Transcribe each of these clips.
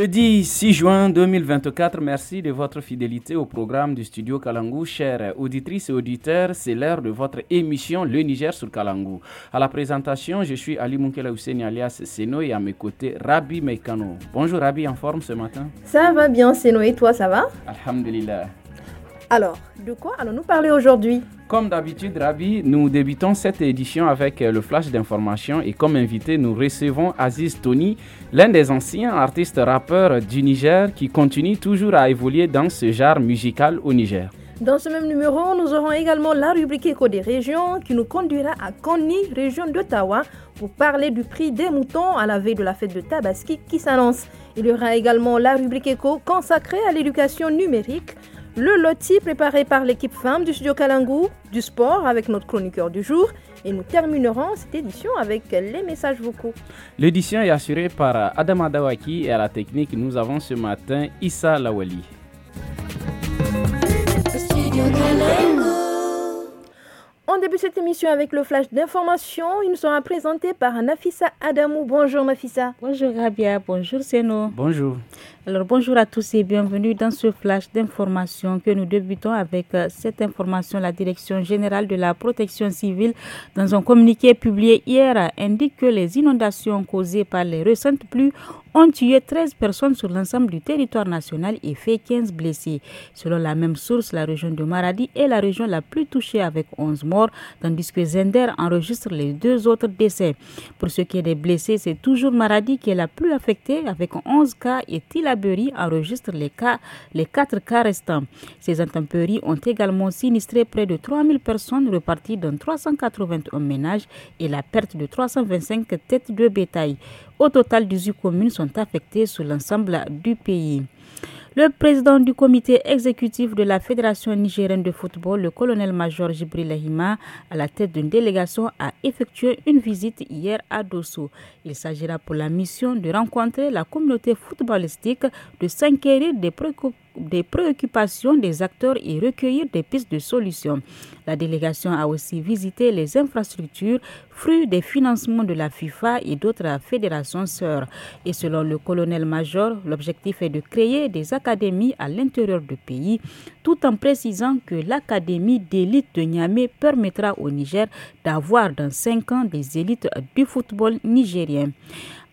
Jeudi 6 juin 2024, merci de votre fidélité au programme du studio Kalangou. Chères auditrices et auditeurs, c'est l'heure de votre émission Le Niger sur Kalangou. À la présentation, je suis Ali Moukela Hussein alias Seno et à mes côtés, Rabi Meikano. Bonjour Rabi, en forme ce matin Ça va bien Seno et toi, ça va Alhamdulillah. Alors, de quoi allons-nous parler aujourd'hui comme d'habitude, Rabi, nous débutons cette édition avec euh, le flash d'information et comme invité, nous recevons Aziz Tony, l'un des anciens artistes rappeurs du Niger qui continue toujours à évoluer dans ce genre musical au Niger. Dans ce même numéro, nous aurons également la rubrique Éco des régions qui nous conduira à Kony, région d'Ottawa, pour parler du prix des moutons à la veille de la fête de Tabaski qui s'annonce. Il y aura également la rubrique Eco consacrée à l'éducation numérique le loti préparé par l'équipe femme du studio Kalangu, du sport avec notre chroniqueur du jour. Et nous terminerons cette édition avec les messages vocaux. L'édition est assurée par Adam Dawaki et à la technique, nous avons ce matin Issa Lawali. On débute cette émission avec le flash d'information. il nous sera présenté par Nafisa Adamou. Bonjour Nafisa. Bonjour Rabia, bonjour Seno. Bonjour. Alors bonjour à tous et bienvenue dans ce flash d'information que nous débutons avec euh, cette information. La Direction générale de la protection civile, dans un communiqué publié hier, indique que les inondations causées par les récentes pluies ont tué 13 personnes sur l'ensemble du territoire national et fait 15 blessés. Selon la même source, la région de Maradi est la région la plus touchée avec 11 morts, tandis que Zender enregistre les deux autres décès. Pour ce qui est des blessés, c'est toujours Maradi qui est la plus affectée avec 11 cas et enregistre les, les quatre cas restants. Ces intempéries ont également sinistré près de 3000 personnes reparties dans 381 ménages et la perte de 325 têtes de bétail. Au total, 18 communes sont affectées sur l'ensemble du pays. Le président du comité exécutif de la Fédération nigérienne de football, le colonel-major Jibril Ahima, à la tête d'une délégation, a effectué une visite hier à Dosso. Il s'agira pour la mission de rencontrer la communauté footballistique, de s'inquiéter des préoccupations des préoccupations des acteurs et recueillir des pistes de solutions. La délégation a aussi visité les infrastructures fruits des financements de la FIFA et d'autres fédérations sœurs. Et selon le colonel-major, l'objectif est de créer des académies à l'intérieur du pays, tout en précisant que l'académie d'élite de Niamey permettra au Niger d'avoir dans cinq ans des élites du football nigérien.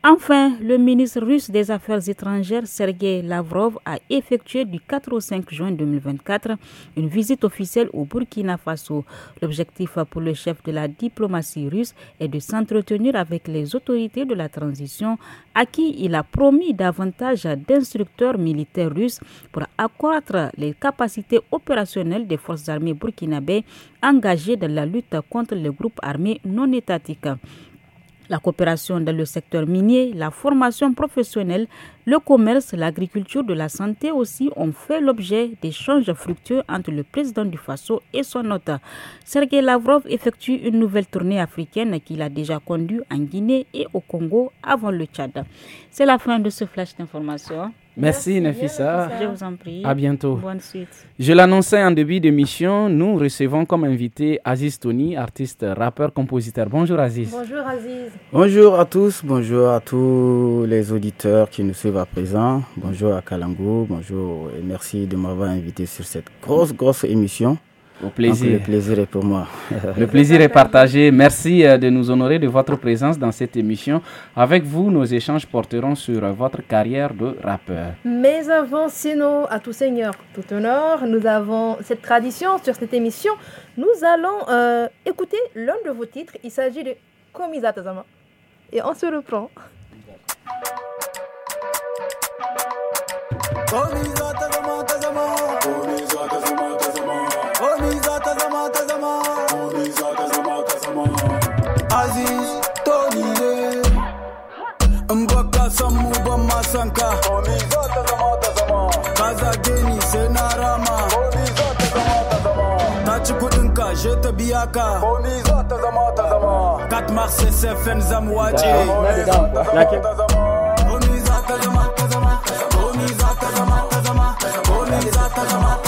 Enfin, le ministre russe des Affaires étrangères Sergei Lavrov a effectué du 4 au 5 juin 2024 une visite officielle au Burkina Faso. L'objectif pour le chef de la diplomatie russe est de s'entretenir avec les autorités de la transition à qui il a promis davantage d'instructeurs militaires russes pour accroître les capacités opérationnelles des forces armées burkinabées engagées dans la lutte contre les groupes armés non étatiques la coopération dans le secteur minier, la formation professionnelle, le commerce, l'agriculture, de la santé aussi ont fait l'objet d'échanges fructueux entre le président du Faso et son hôte. Sergei Lavrov effectue une nouvelle tournée africaine qu'il a déjà conduite en Guinée et au Congo avant le Tchad. C'est la fin de ce flash d'information. Merci, Merci Je vous en prie. À bientôt. Je l'annonçais en début d'émission, nous recevons comme invité Aziz Tony, artiste, rappeur, compositeur. Bonjour Aziz. Bonjour Aziz. Bonjour à tous, bonjour à tous les auditeurs qui nous suivent à présent. Bonjour à Kalango, bonjour et merci de m'avoir invité sur cette grosse, grosse émission. Au plaisir. le plaisir est pour moi. le plaisir est partagé. Merci euh, de nous honorer de votre présence dans cette émission. Avec vous, nos échanges porteront sur votre carrière de rappeur. Mais avant, sinon, à tout seigneur, tout honneur, nous avons cette tradition sur cette émission. Nous allons euh, écouter l'un de vos titres. Il s'agit de Komiza Tazama. Et on se reprend. Komiza ba san za je za za za za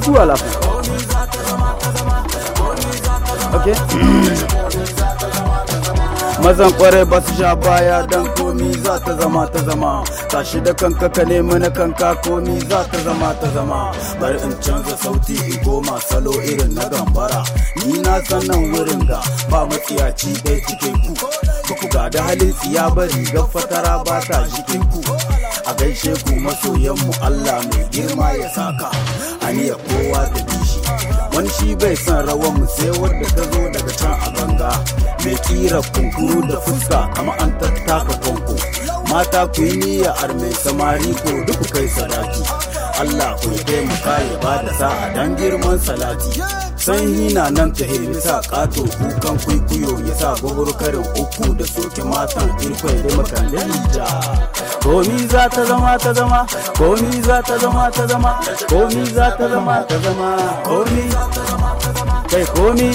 tout à la Ok. mazan kwarai ba su sha baya dan komi za ta zama ta zama tashi da kanka ka nemi na kanka komi za ta zama ta zama bari in canza sauti in goma salo irin na gambara ni na san nan wurin ga ba matsiyaci bai cike ku ba ku gada halin tsiya ba rigar fatara ba ta jikin ku a gaishe ku masoyanmu Allah mai girma ya saka ya kowa da wani shi bai son rawar mu sai wadda ta zo daga can a ganga mai kira kunkuru da fuska kama an tattaka kwanko mata ku yi niyya mai samari ko duk kai salati Allah ku taimaka ya da sa'a dan girman salati sanyi na nan ta sa kato kukan kwaikwayo ya sa gwagwar karin uku da soke matan irkwai da makallin da komi za ta zama ta zama komi za ta zama ta zama komi za ta zama ta zama komi kai komi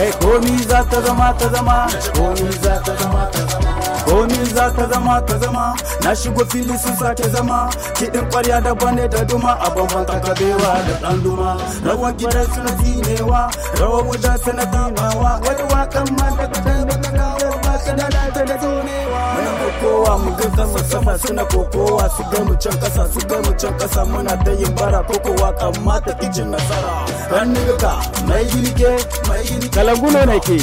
kai komi za ta zama ta zama komi za ta zama ta zama komi za ta zama ta zama na shigo fili sun sake zama kiɗin ƙwarya daban ne da duma a bambanta kabewa da ɗan duma rawar gidan suna zinewa rawar wuta suna tamawa wani wakan ma da kaɗan ta kaɗan ba su da ta da zonewa muna kokowa mu ga sama sama suna kokowa su ga mu can ƙasa su ga mu can ƙasa muna da yin bara kokowa kan mata kicin nasara rannuka mai girke mai girke kalangulo ne ke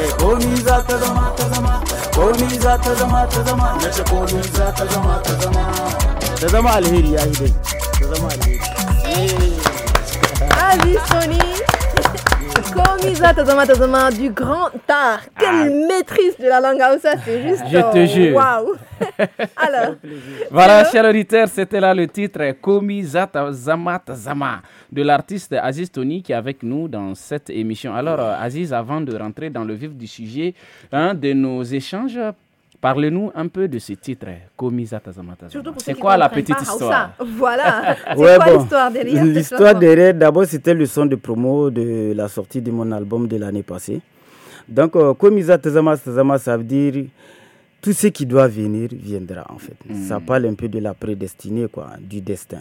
कोणी जात जमा जमा कोणी जात जमा जमा नश कोणी जात जमा जमा da zama alheri ya yi dai da zama alheri Ali Sony Zata tazama Zama, du grand art. Ah. Quelle maîtrise de la langue Aoussa, c'est juste. Je te euh, jure. Waouh. Alors. voilà, chers auditeurs, c'était là le titre Komi Zata Zama de l'artiste Aziz Tony qui est avec nous dans cette émission. Alors, euh, Aziz, avant de rentrer dans le vif du sujet, un hein, de nos échanges parlez nous un peu de ce titre, Komisa eh, Tazama. C'est quoi la petite histoire Voilà, c'est quoi l'histoire derrière L'histoire derrière, d'abord, c'était le son de promo de la sortie de mon album de l'année passée. Donc, Komiza euh, Tazama, Tazama, ça veut dire tout ce qui doit venir viendra, en fait. Hmm. Ça parle un peu de la prédestinée, quoi, du destin.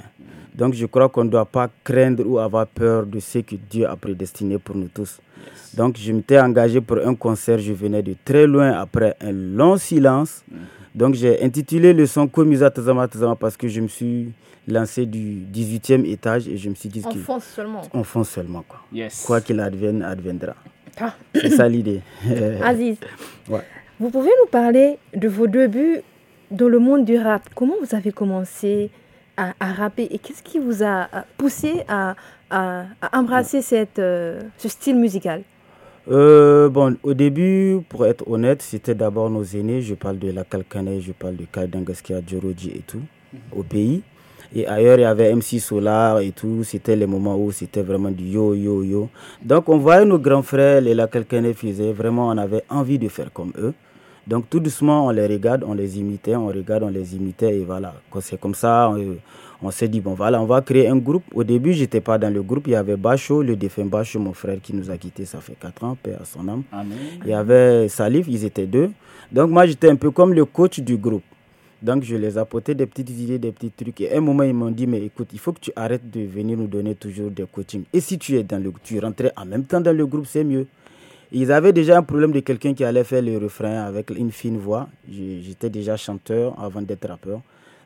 Donc, je crois qu'on ne doit pas craindre ou avoir peur de ce que Dieu a prédestiné pour nous tous. Donc je m'étais engagé pour un concert, je venais de très loin après un long silence. Mhm. Donc j'ai intitulé le son Komisa Tazama Tazama parce que je me suis lancé du 18e étage et je me suis dit... On fonce seulement. On seulement quoi. Yes. Quoi qu'il advienne, adviendra. Ah. C'est ça l'idée. Aziz, vous pouvez nous parler de vos débuts dans le monde du rap. Comment vous avez commencé à, rapper et qu'est-ce qui vous a poussé à, embrasser cette, euh, ce style musical euh, bon, au début, pour être honnête, c'était d'abord nos aînés. Je parle de la Kalkane, je parle de Kaidangaskia, Djoroji et tout, mhm. au pays. Et ailleurs, il y avait MC Solar et tout. C'était les moments où c'était vraiment du yo, yo, yo. Donc, on voyait nos grands frères, les la Kalkane faisaient. Vraiment, on avait envie de faire comme eux. Donc, tout doucement, on les regarde, on les imitait, on regarde, on les imitait. Et voilà, c'est comme ça. On s'est dit, bon, voilà, on va créer un groupe. Au début, je n'étais pas dans le groupe. Il y avait Bacho, le défunt Bacho, mon frère qui nous a quittés, ça fait 4 ans, père à son âme. Il y avait Salif, ils étaient deux. Donc, moi, j'étais un peu comme le coach du groupe. Donc, je les apportais des petites idées, des petits trucs. Et à un moment, ils m'ont dit, mais écoute, il faut que tu arrêtes de venir nous donner toujours des coachings. Et si tu es dans le tu rentrais en même temps dans le groupe, c'est mieux. Ils avaient déjà un problème de quelqu'un qui allait faire le refrain avec une fine voix. J'étais déjà chanteur avant d'être rappeur.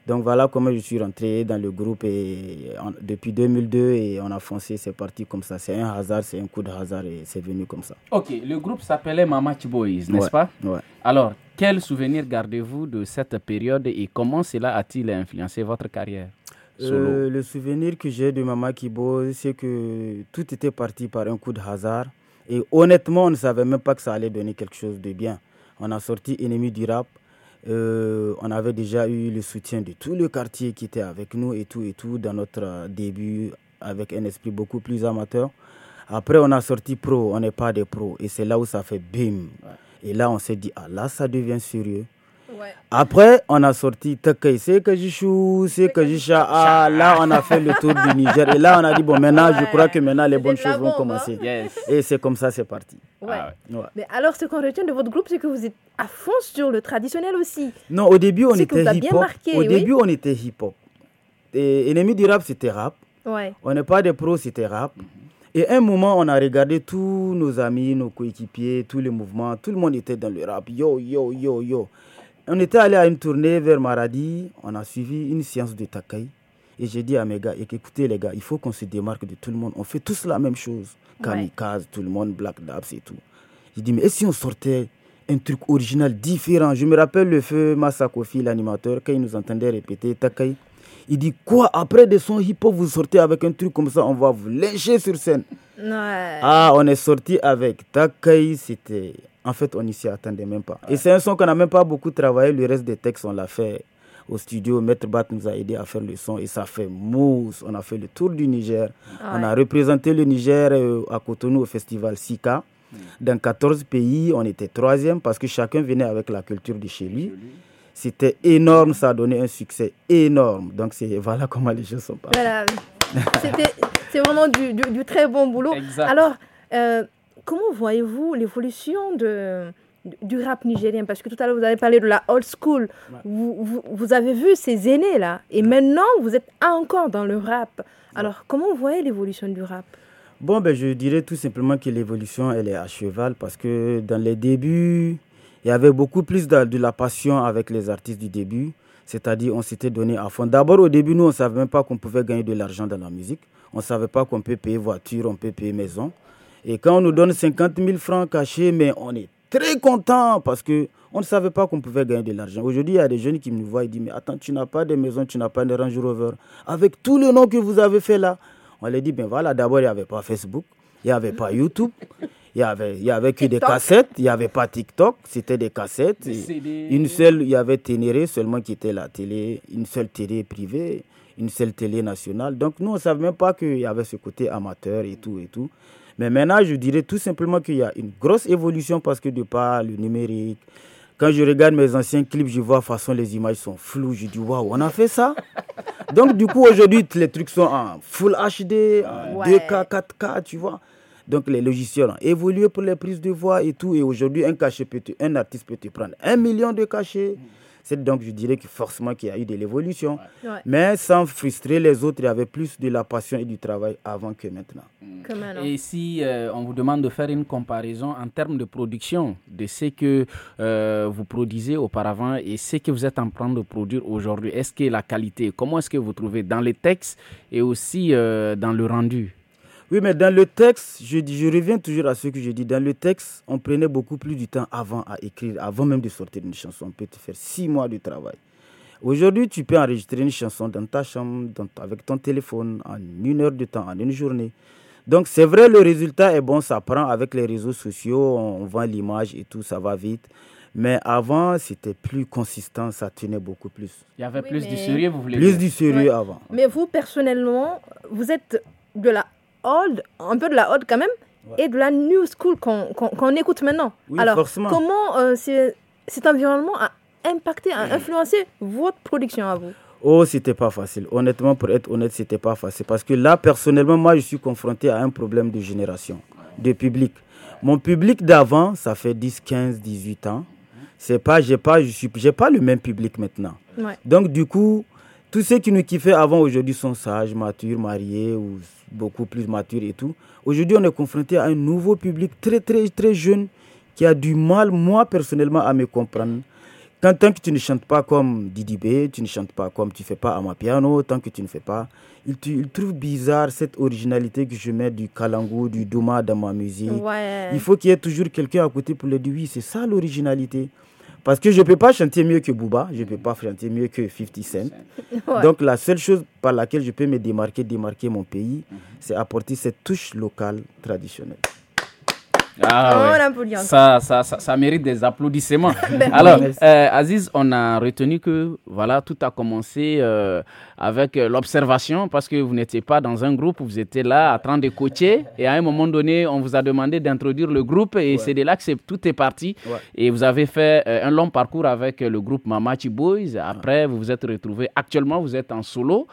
Donc voilà comment je suis rentré dans le groupe et euh, depuis 2002 et on a foncé, c'est parti comme ça. C'est un hasard, c'est un coup de hasard et c'est venu comme ça. Ok, le groupe s'appelait Mama Boys, n'est-ce pas ouais. Alors, quel souvenir gardez-vous de cette période et comment cela a-t-il influencé votre carrière euh, Le souvenir que j'ai de Mama Boys, c'est que tout était parti par un coup de hasard et honnêtement, on ne savait même pas que ça allait donner quelque chose de bien. On a sorti Ennemi du rap euh, on avait déjà eu le soutien de tout le quartier qui était avec nous et tout et tout dans notre euh, début avec un esprit beaucoup plus amateur. Après, on a sorti pro, on n'est pas des pros. Et c'est là où ça fait bim. Et là, on s'est dit, ah là, ça devient sérieux. Après, on a sorti Tekei que j'ai Ah, là, on a fait le tour du Niger. Et là, on a dit, bon, maintenant, je crois que maintenant, les bonnes choses vont hein. commencer. Et c'est comme ça, c'est parti. Ah Mais alors, ce qu'on retient de votre groupe, c'est que vous êtes à fond sur le traditionnel aussi. Non, au début, on était hip-hop. Au début, on était hip-hop. Et Ennemi du rap, c'était rap. On n'est pas des pros, c'était rap. Et un moment, on a regardé tous nos amis, nos coéquipiers, tous les mouvements. Tout le monde était dans le rap. Yo, yo, yo, yo on était allé à une tournée vers Maradi, on a suivi une séance de Takai. Et j'ai dit à mes gars, écoutez les gars, il faut qu'on se démarque de tout le monde. On fait tous la même chose. Kamikaze, tout le monde, Black Dabs et tout. J'ai dit, mais et si on sortait un truc original, différent Je me rappelle le feu Masakofi, l'animateur, quand il nous entendait répéter Takai. Il dit quoi Après des sons hip-hop, vous sortez avec un truc comme ça, on va vous lyncher sur scène. Ah, on est sorti avec Takai, c'était en fait, on n'y s'y attendait même pas. Et c'est un son qu'on n'a même pas beaucoup travaillé. Le reste des textes, on l'a fait au studio. Maître Bat nous a aidé à faire le son et ça fait mousse. On a fait le tour du Niger. On a représenté le Niger euh, à Cotonou au festival Sika. Mm. Dans 14 pays, on était troisième parce que chacun venait avec la culture de chez lui. C'était énorme, ça a donné un succès énorme. Donc voilà comment les choses sont passées. C'est vraiment du, très bon boulot. Alors, euh, comment voyez-vous l'évolution de, du rap nigérien Parce que tout à l'heure, vous avez parlé de la old school. Vous, avez vu ces aînés-là. Et maintenant, vous êtes encore dans le rap. Alors, comment vous voyez l'évolution du rap Bon, ben, je dirais tout simplement que l'évolution, elle est à cheval parce que dans les débuts, il y avait beaucoup plus de, de la passion avec les artistes du début. C'est-à-dire, on s'était donné à fond. D'abord, au début, nous, on ne savait même pas qu'on pouvait gagner de l'argent dans la musique. On ne savait pas qu'on peut payer voiture, on peut payer maison. Et quand on nous donne 50 000 francs cachés, mais on est très content parce que on ne savait pas qu'on pouvait gagner de l'argent. Aujourd'hui, il y a des jeunes qui me voient et disent Mais attends, tu n'as pas de maison, tu n'as pas de Range Rover. Avec tout le nom que vous avez fait là, on leur dit Ben voilà, d'abord, il n'y avait pas Facebook, il n'y avait pas YouTube. Il n'y avait, y avait que des cassettes, il n'y avait pas TikTok, c'était des cassettes. une seule, il y avait Ténéré seulement qui était la télé, une seule télé privée, une seule télé nationale. Donc nous, on ne savait même pas qu'il y avait ce côté amateur et tout et tout. Mais maintenant, je dirais tout simplement qu'il y a une grosse évolution parce que de par le numérique, quand je regarde mes anciens clips, je vois façon les images sont floues. Je dis waouh, on a fait ça. Donc du coup aujourd'hui les trucs sont en full HD, en 2K, 4K, tu vois. Donc les logiciels ont évolué pour les prises de voix et tout. Et aujourd'hui un cachet peut un artiste peut te prendre un million de cachets. C'est donc, je dirais que forcément qu'il y a eu de l'évolution. Mais sans frustrer les autres, il y avait plus de la passion et du travail avant que maintenant. Mm. Et si euh, on vous demande de faire une comparaison en termes de production, de ce que euh, vous produisez auparavant et ce que vous êtes en train de produire aujourd'hui, est-ce que la qualité, comment est-ce que vous trouvez dans les textes et aussi euh, dans le rendu oui, mais dans le texte, je, je reviens toujours à ce que je dis. Dans le texte, on prenait beaucoup plus du temps avant à écrire, avant même de sortir une chanson. On peut te faire six mois de travail. Aujourd'hui, tu peux enregistrer une chanson dans ta chambre, avec ton téléphone, en une heure de temps, en une journée. Donc, c'est vrai, le résultat est bon, ça prend avec les réseaux sociaux, on, voit vend l'image et tout, ça va vite. Mais avant, c'était plus consistant, ça tenait beaucoup plus. Il y avait plus de sérieux, vous voulez Plus dire. du sérieux avant. Mais vous, personnellement, vous êtes de la old, un peu de la old quand même, et de la new school qu'on écoute maintenant. Alors, comment euh, cet environnement a impacté, a influencé votre production à vous Oh, c'était pas facile. Honnêtement, pour être honnête, c'était pas facile. Parce que là, personnellement, moi, je suis confronté à un problème de génération, de public. Mon public d'avant, ça fait 10, 15, 18 ans. C'est pas, j'ai pas, je suis, j'ai pas le même public maintenant. Donc, du coup, tous ceux qui nous kiffaient avant aujourd'hui sont sages, matures, mariés ou beaucoup plus mature et tout. Aujourd'hui, on est confronté à un nouveau public très, très, très jeune qui a du mal, moi personnellement, à me comprendre. Quand, tant que tu ne chantes pas comme Didi B, tu ne chantes pas comme tu fais pas à ma piano, tant que tu ne fais pas, il, trouve bizarre cette originalité que je mets du kalango, du Douma dans ma musique. Il faut qu'il y ait toujours quelqu'un à côté pour lui dire oui, c'est ça l'originalité. Parce que je ne peux pas chanter mieux que Booba, je ne peux pas chanter mieux que 50 Cent. Donc la seule chose par laquelle je peux me démarquer, démarquer mon pays, mhm. c'est apporter cette touche locale traditionnelle. Ah oh, ça, ça, ça, mérite des applaudissements. Ben Alors, euh, Aziz, on a retenu que voilà, tout a commencé euh, avec euh, l'observation parce que vous n'étiez pas dans un groupe, vous étiez là à train de coacher et à un moment donné, on vous a demandé d'introduire le groupe et c'est de là que tout est parti. Et vous avez fait un long parcours avec le groupe Mamachi Boys. Après, vous vous êtes retrouvé. Actuellement, vous êtes en solo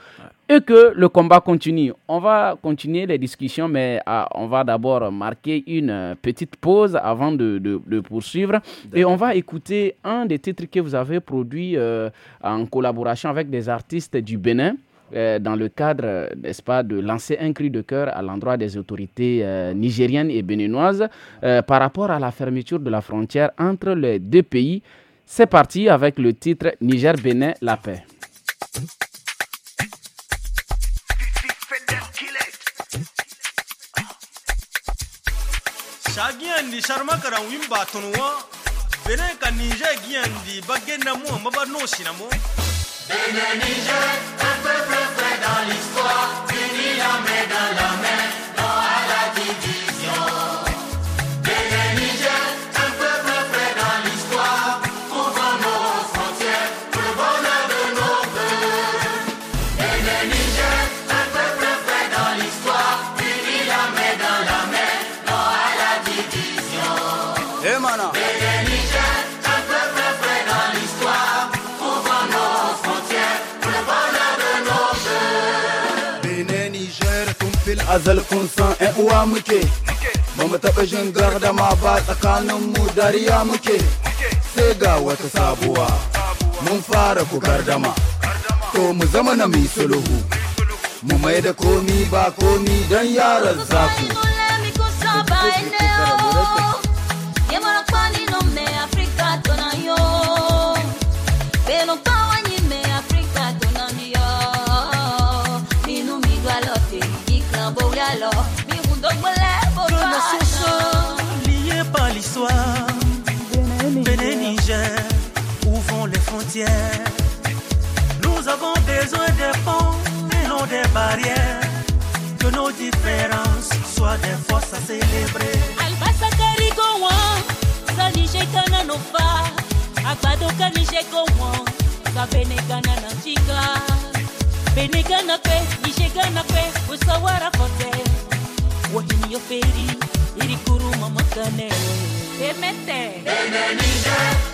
et que le combat continue. On va continuer les discussions, mais euh, on va d'abord marquer une euh, petite pause avant de, poursuivre. Et on va écouter un des titres que vous avez produit euh, en collaboration avec des artistes du Bénin. dans le cadre, n'est-ce pas, de lancer un cri de cœur à l'endroit des autorités nigériennes et béninoises par rapport à la fermeture de la frontière entre les deux pays. C'est parti avec le titre Niger-Bénin, la paix. sharma sharmakaran wimba tonwa bene ka niger maba Niger, un dans l'histoire, unis la main dans la main. mademoiselle san yan uwa muke ba mu taɓa jin gardama ba tsakanin mu dariya muke sai ga wata sabuwa mun fara ku gardama to mu zama na mai sulhu mu mai da komi ba komi don yaran zaku. frontières. Nous avons besoin des ponts et non des barrières. Que nos différences soient des forces à célébrer. Albasa Karigowa, Sanije Kananofa, Abado Kanije Gowan, Kabene Kanana Chiga. Bene Kanape, Nije Kanape, Usawara Fote. Irikuru Bene Nije.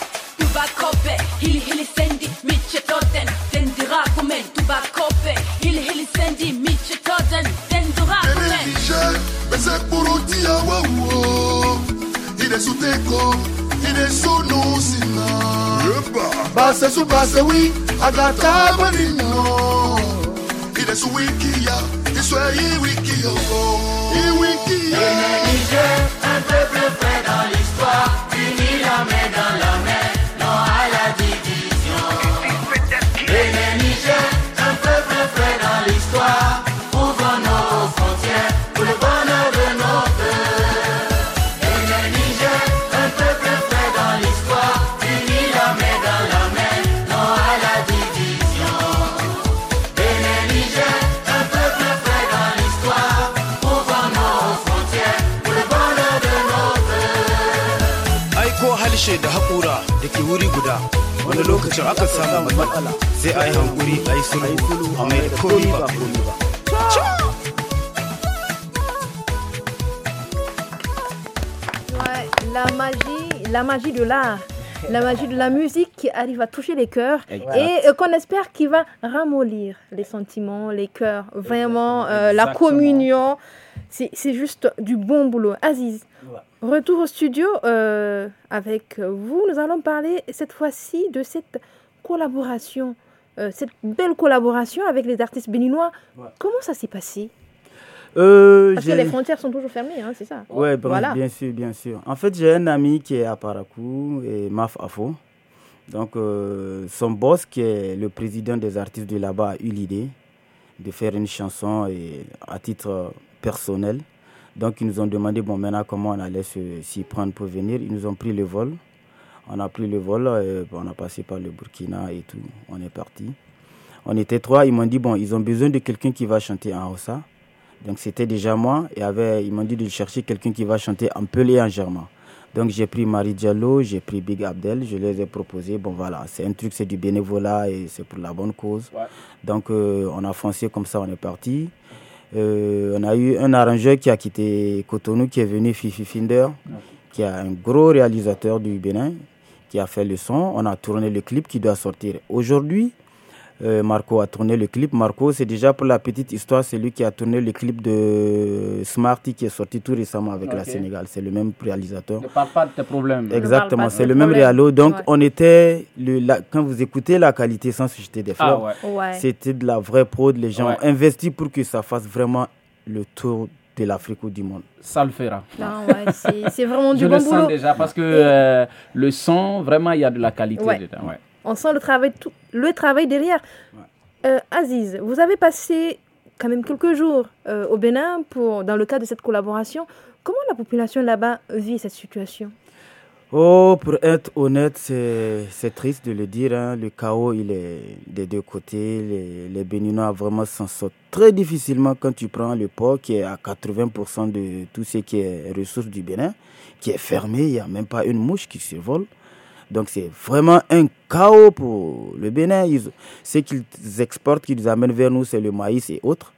Bassesu Teko, Inesu Nusina. Yeba. Bassesu Bassewi, Agata Manino. Inesu Wikia, Iswe Iwikia. La magie, la magie de l'art la magie de la musique qui arrive à toucher les cœurs et euh, qu'on espère qu'il va ramollir les sentiments, les cœurs, vraiment euh, la communion. C'est juste du bon boulot. Aziz, Retour au studio euh, avec vous. Nous allons parler cette fois-ci de cette collaboration, euh, cette belle collaboration avec les artistes béninois. Comment ça s'est passé euh, Parce que les frontières sont toujours fermées, hein, c'est ça Oui, bien sûr, bien sûr. En fait, j'ai un ami qui est à Parakou et Maf Afo. Donc, son boss, qui est le président des artistes de là-bas, a eu l'idée de faire une chanson à titre personnel. Donc ils nous ont demandé bon maintenant comment on allait s'y prendre pour venir. Ils nous ont pris le vol. On a pris le vol, euh, on a passé par le Burkina et tout. On est parti. On était trois. Ils m'ont dit bon ils ont besoin de quelqu'un qui va chanter en Hausa. Donc c'était déjà moi et avait, ils m'ont dit de chercher quelqu'un qui va chanter en Pelé et en Germain. Donc j'ai pris Marie Diallo, j'ai pris Big Abdel, je les ai proposés. Bon voilà, c'est un truc, c'est du bénévolat et c'est pour la bonne cause. Donc euh, on a foncé comme ça, on est parti. Euh, on a eu un arrangeur qui a quitté Cotonou, qui est venu Fifi Finder, qui est un gros réalisateur du Bénin, qui a fait le son. On a tourné le clip qui doit sortir aujourd'hui. Euh, Marco a tourné le clip. Marco, c'est déjà pour la petite histoire, c'est lui qui a tourné le clip de Smarty qui est sorti tout récemment avec la Sénégal. C'est le même réalisateur. Ne pas de tes problèmes. Exactement, c'est le même réalo. Donc, on était, le, quand vous écoutez la qualité sans se jeter des ah, fleurs, c'était de la vraie prod. Les gens ont investi pour que ça fasse vraiment le tour de l'Afrique ou du monde. Ça le fera. Ouais, c'est vraiment du bon boulot. le sens déjà parce que euh, le son, vraiment, il y a de la qualité dedans. Ouais. On sent le travail, le travail derrière. Euh, Aziz, vous avez passé quand même quelques jours euh, au Bénin pour, dans le cadre de cette collaboration. Comment la population là-bas vit cette situation Oh, pour être honnête, c'est triste de le dire. Hein. Le chaos, il est des deux côtés. Les, Béninois vraiment s'en sortent très difficilement quand tu prends le port qui est à 80% de tout ce qui est ressources du Bénin, qui est fermé. Il n'y a même pas une mouche qui se donc c'est vraiment un chaos pour le Bénin. ce qu'ils exportent, qu'ils amènent vers nous, c'est le maïs et autres.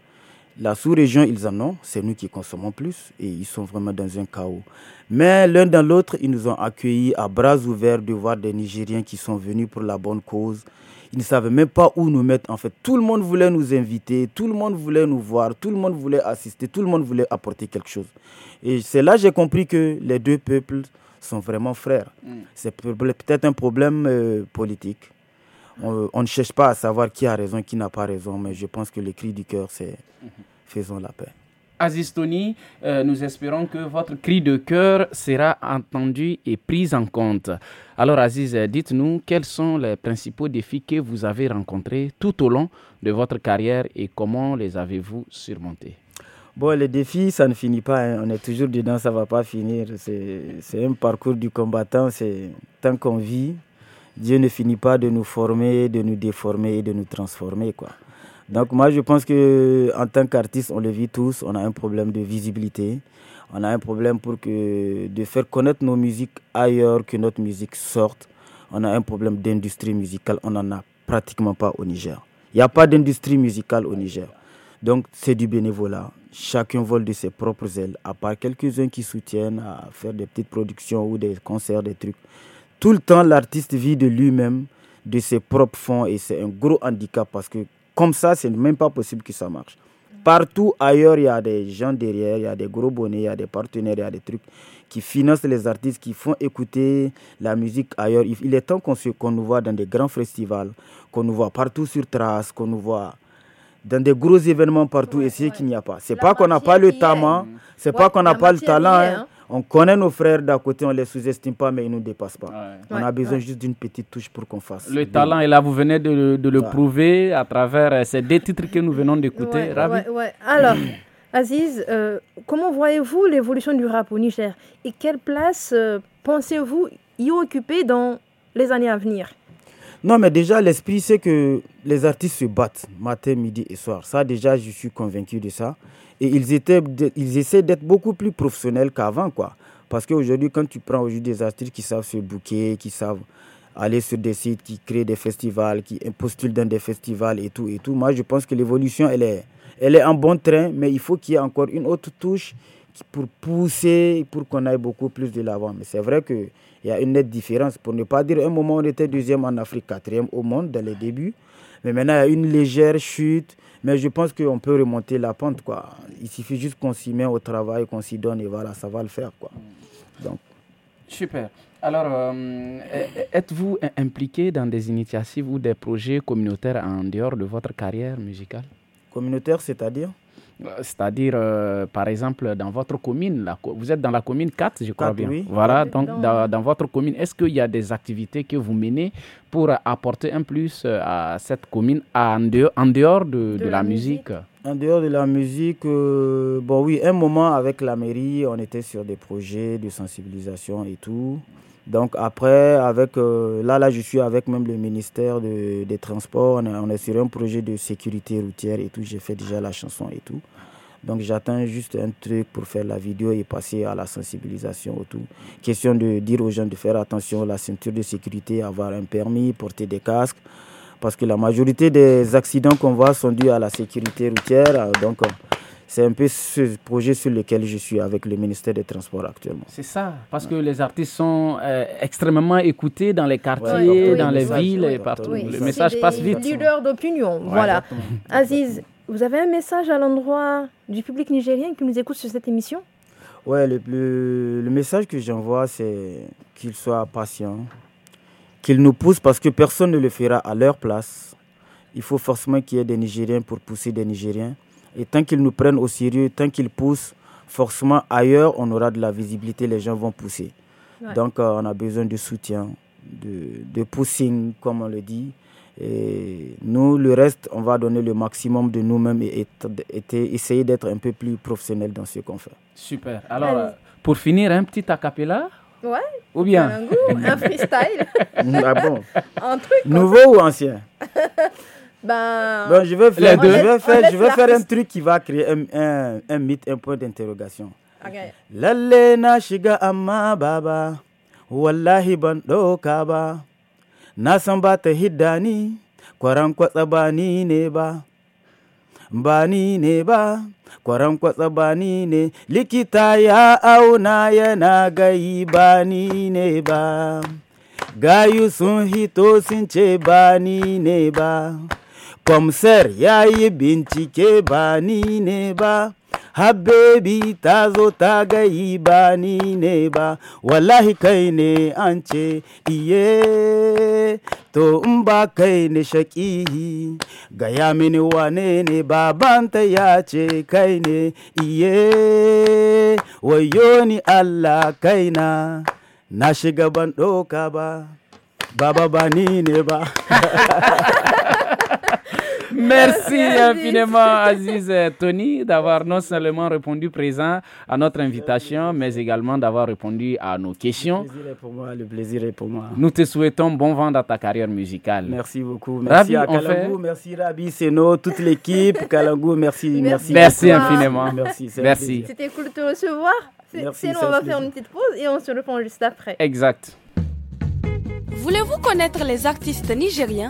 La sous-région, ils en ont, c'est nous qui consommons plus et ils sont vraiment dans un chaos. Mais l'un dans l'autre, ils nous ont accueillis à bras ouverts de voir des Nigériens qui sont venus pour la bonne cause. Ils ne savaient même pas où nous mettre en fait. Tout le monde voulait nous inviter, tout le monde voulait nous voir, tout le monde voulait assister, tout le monde voulait apporter quelque chose. Et c'est là que j'ai compris que les deux peuples sont vraiment frères. Hmm. C'est peut-être un problème euh, politique. On, ne cherche pas à savoir qui a raison, qui n'a pas raison, mais je pense que le cri du cœur, c'est hmm. faisons la paix. Aziz Tony, euh, nous espérons que votre cri de cœur sera entendu et pris en compte. Alors Aziz, dites-nous quels sont les principaux défis que vous avez rencontrés tout au long de votre carrière et comment les avez-vous surmontés Bon, les défis, ça ne finit pas. Hein. On est toujours dedans, ça ne va pas finir. C'est un parcours du combattant. C'est tant qu'on vit, Dieu ne finit pas de nous former, de nous déformer et de nous transformer, quoi. Donc moi, je pense que en tant qu'artiste, on le vit tous. On a un problème de visibilité. On a un problème pour que de faire connaître nos musiques ailleurs que notre musique sorte. On a un problème d'industrie musicale. On n'en a pratiquement pas au Niger. Il n'y a pas d'industrie musicale au Niger. Donc c'est du bénévolat. Chacun vole de ses propres ailes, à part quelques-uns qui soutiennent à faire des petites productions ou des concerts, des trucs. Tout le temps, l'artiste vit de lui-même, de ses propres fonds, et c'est un gros handicap parce que comme ça, n'est même pas possible que ça marche. Partout ailleurs, il y a des gens derrière, il y a des gros bonnets, il y a des partenaires, il y a des trucs qui financent les artistes, qui font écouter la musique ailleurs. Il est temps qu'on nous voit dans des grands festivals, qu'on nous voit partout sur Trace, qu'on nous voit dans des gros événements partout ouais, qu'il n'y a pas. C'est pas qu'on n'a pas le talent, c'est pas qu'on n'a pas le talent. Hein. Hein. On connaît nos frères d'à côté, on les sous-estime pas, mais ils nous dépassent pas. On a besoin juste d'une petite touche pour qu'on fasse. Le talent, et là, vous venez de, le prouver à travers euh, ces deux titres que nous venons d'écouter. Alors, Aziz, euh, comment voyez-vous l'évolution du rap au Niger et quelle place euh, pensez-vous y occuper dans les années à venir non, mais déjà, l'esprit, c'est que les artistes se battent matin, midi et soir. Ça, déjà, je suis convaincu de ça. Et ils, étaient, ils essaient d'être beaucoup plus professionnels qu'avant, quoi. Parce qu'aujourd'hui, quand tu prends aujourd'hui des artistes qui savent se bouquer, qui savent aller sur des sites, qui créent des festivals, qui postulent dans des festivals et tout, et tout, moi, je pense que l'évolution, elle est, elle est en bon train, mais il faut qu'il y ait encore une autre touche pour pousser, pour qu'on aille beaucoup plus de l'avant. Mais c'est vrai qu'il y a une nette différence. Pour ne pas dire, un moment, on était deuxième en Afrique, quatrième au monde dans les débuts. Mais maintenant, il y a une légère chute. Mais je pense qu'on peut remonter la pente. Quoi. Il suffit juste qu'on s'y met au travail, qu'on s'y donne et voilà, ça va le faire. Quoi. Donc. Super. Alors, euh, êtes-vous impliqué dans des initiatives ou des projets communautaires en dehors de votre carrière musicale Communautaire, c'est-à-dire euh, c'est-à-dire, euh, par exemple, dans votre commune, vous êtes dans la commune 4, je crois bien. Voilà, donc dans, votre commune, est-ce qu'il y a des activités que vous menez pour apporter un plus euh, à cette commune en dehors, de, la musique. En dehors de la musique, bon oui, un moment avec la mairie, on était sur des projets de sensibilisation et tout. Donc après, avec euh, là, là, je suis avec même le ministère des Transports. On est, sur un projet de sécurité routière et tout. J'ai fait déjà la chanson et tout. Donc j'attends juste un truc pour faire la vidéo et passer à la sensibilisation et tout. Question de dire aux gens de faire attention à la ceinture de sécurité, avoir un permis, porter des casques. Parce que la majorité des accidents qu'on voit sont dus à la sécurité routière. Donc c'est un peu ce projet sur lequel je suis avec le ministère des Transports actuellement. C'est ça, parce que les artistes sont euh, extrêmement écoutés dans les quartiers, dans les villes et partout. Le message passe vite. Leader d'opinion, voilà. Aziz, vous avez un message à l'endroit du public nigérien qui nous écoute sur cette émission Oui, le, le message que j'envoie, c'est qu'ils soient patients, qu'ils nous poussent parce que personne ne le fera à leur place. Il faut forcément qu'il y ait des Nigériens pour pousser des Nigériens. Et tant qu'ils nous prennent au sérieux, tant qu'ils poussent, forcément ailleurs, on aura de la visibilité, les gens vont pousser. Donc euh, on a besoin de soutien, de, de poussing, comme on le dit. Et nous, le reste, on va donner le maximum de nous-mêmes et, essayer d'être un peu plus professionnel dans ce qu'on fait. Super. Alors, euh, pour finir, un petit acapella Ouais. Ou bien Un, goût, un freestyle. ah bon Un truc. Nouveau ou ancien Ben, je veux faire, je vais faire, je vais faire un truc qui va créer un, un, mythe, un point d'interrogation. Lalena shiga Ama baba, wallahi bando kaba. ba, Hidani. Kwaram ba neba. kwaran kwatsa ne ba. bani ne ba, kwaran ne, likita ya yana gayi ne ba. Gayu sun hito bani neba. ne ba. Kwamsar ya yi bincike ba ni ne ba, habibi ta zo ta gayi ba ni ne ba, wallahi kai ne an ce iye, to in ba kai ne shakihi gaya mini wane ne babanta ya ce kai ne iye, wayo ni Allah kaina, na shiga ban ɗoka ba, ba ba ni ne ba. Merci infiniment, Aziz et Tony, d'avoir non seulement répondu présent à notre invitation, mais également d'avoir répondu à nos questions. Le plaisir est pour moi. Nous te souhaitons bon vent dans ta carrière musicale. Merci beaucoup. Merci à Kalangou, merci Rabi, Seno, toute l'équipe. Kalangou, merci, merci. Merci, infiniment. Merci. merci. C'était cool de te recevoir. Merci, on va faire une petite pause et on se reprend juste après. Exact. Voulez-vous connaître les artistes nigériens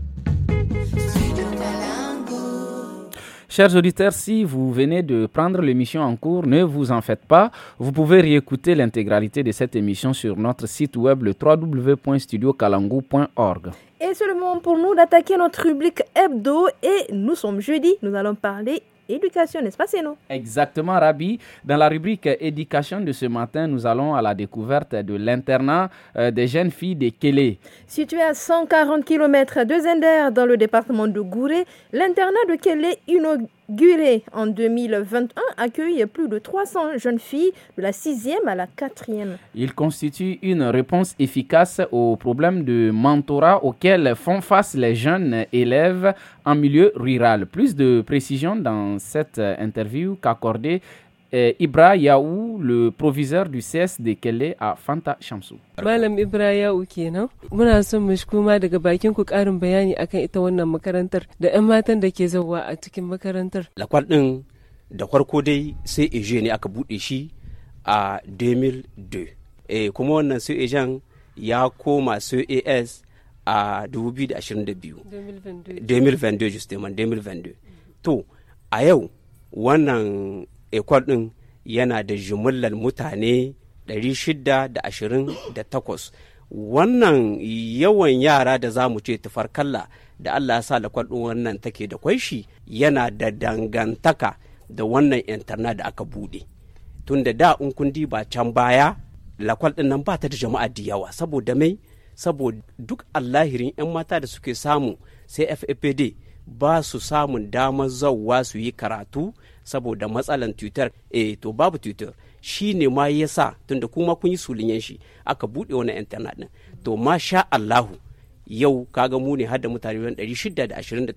Chers auditeurs, si vous venez de prendre l'émission en cours, ne vous en faites pas. Vous pouvez réécouter l'intégralité de cette émission sur notre site web le www.studiocalangu.org. Et c'est le moment pour nous d'attaquer notre rubrique hebdo et nous sommes jeudi, nous allons parler éducation, n'est-ce pas, c'est nous Exactement, Rabi. Dans la rubrique éducation de ce matin, nous allons à la découverte de l'internat euh, des jeunes filles de Kélé. Situé à 140 km de Zender, dans le département de Gouré, l'internat de Kélé une Guré, en 2021, accueille plus de 300 jeunes filles de la sixième à la quatrième. Il constitue une réponse efficace au problème de mentorat auquel font face les jeunes élèves en milieu rural. Plus de précision dans cette interview qu'accordée Eh, Ibra Yaou, le proviseur du CS de Kele a Fanta Shamsu. Malam Ibra Yaou kenan. Muna son mu kuma daga bakin ku karin bayani akan ita wannan makarantar da 'yan matan da ke zauwa a cikin makarantar. Lakwal quoi da farko dai sai Eje ne aka buɗe shi a 2002. Eh, kuma wannan sai Ejen ya koma CAS a 2022. 2022 justement 2022. To, a yau wannan ekon ɗin yana da jimillar mutane 628 wannan yawan yara da za mu ce tufarkalla da allah ya sa lakon ɗin wannan take da kwai shi yana da dangantaka da wannan intanet da aka buɗe tun da da in kun diba can baya lakwal ɗin nan ba ta da jama'a da yawa saboda mai saboda duk allahirin 'yan mata da suke samu sai ffpd ba su samun damar zauwa su yi karatu saboda matsalan twitter eh to babu twitter shi ne ma ya sa tunda kuma kun yi sulinyen shi aka buɗe wani internet ɗin to ma sha Allahu yau kaga mu ne hada mutane miliyan 628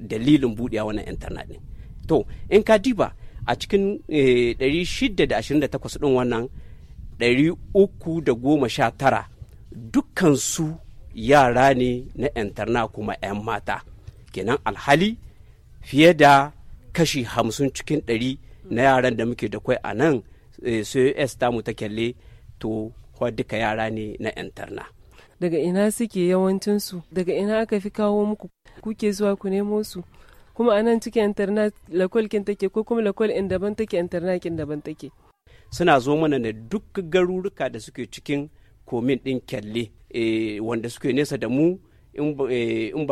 dalilin buɗewa wani internet ɗin to in ka diba a cikin 628 eh, ɗin wannan 319 dukkansu yara ne na internet kuma 'yan mata kenan alhali fiye da kashi hamsin cikin ɗari na yaran da muke da kwai a nan eh, ta mu ta kyalle to duka yara ne na yantarna Daga ina suke yawancinsu, daga ina aka fi kawo muku kuke zuwa ku nemo su. Kuma a nan cikin internet lakwalkin take ko kuma lakwal in daban take kin daban take. Suna zo mana da duk garuruka da suke cikin komin din kyalle eh, wanda suke nesa da mu in ba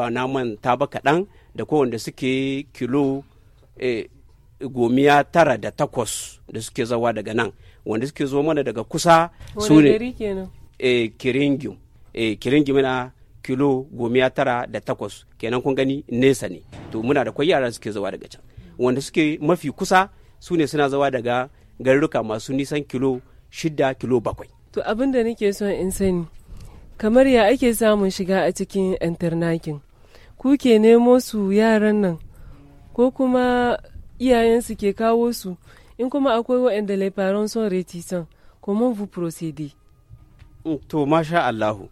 eh, na manta ba kaɗan da ko wanda suke kilo Eh, gomiya tara da takwas da suke zawa daga nan wanda suke zo mana daga kusa su ne eh, kiringim eh, na kilo gomiya tara da takwas kenan kun gani nesa ne to muna da kwai yara suke zawa daga can wanda suke mafi kusa su ne suna zawa daga garuruka masu nisan kilo shida kilo bakwai to abin da nake son in sani kamar ya ake samun shiga a cikin ku ke nemo su yaran nan ko kuma iyayensu ke kawo su in kuma akwai waɗanda laifaran son retisan comment vous procédez mm, to masha Allahu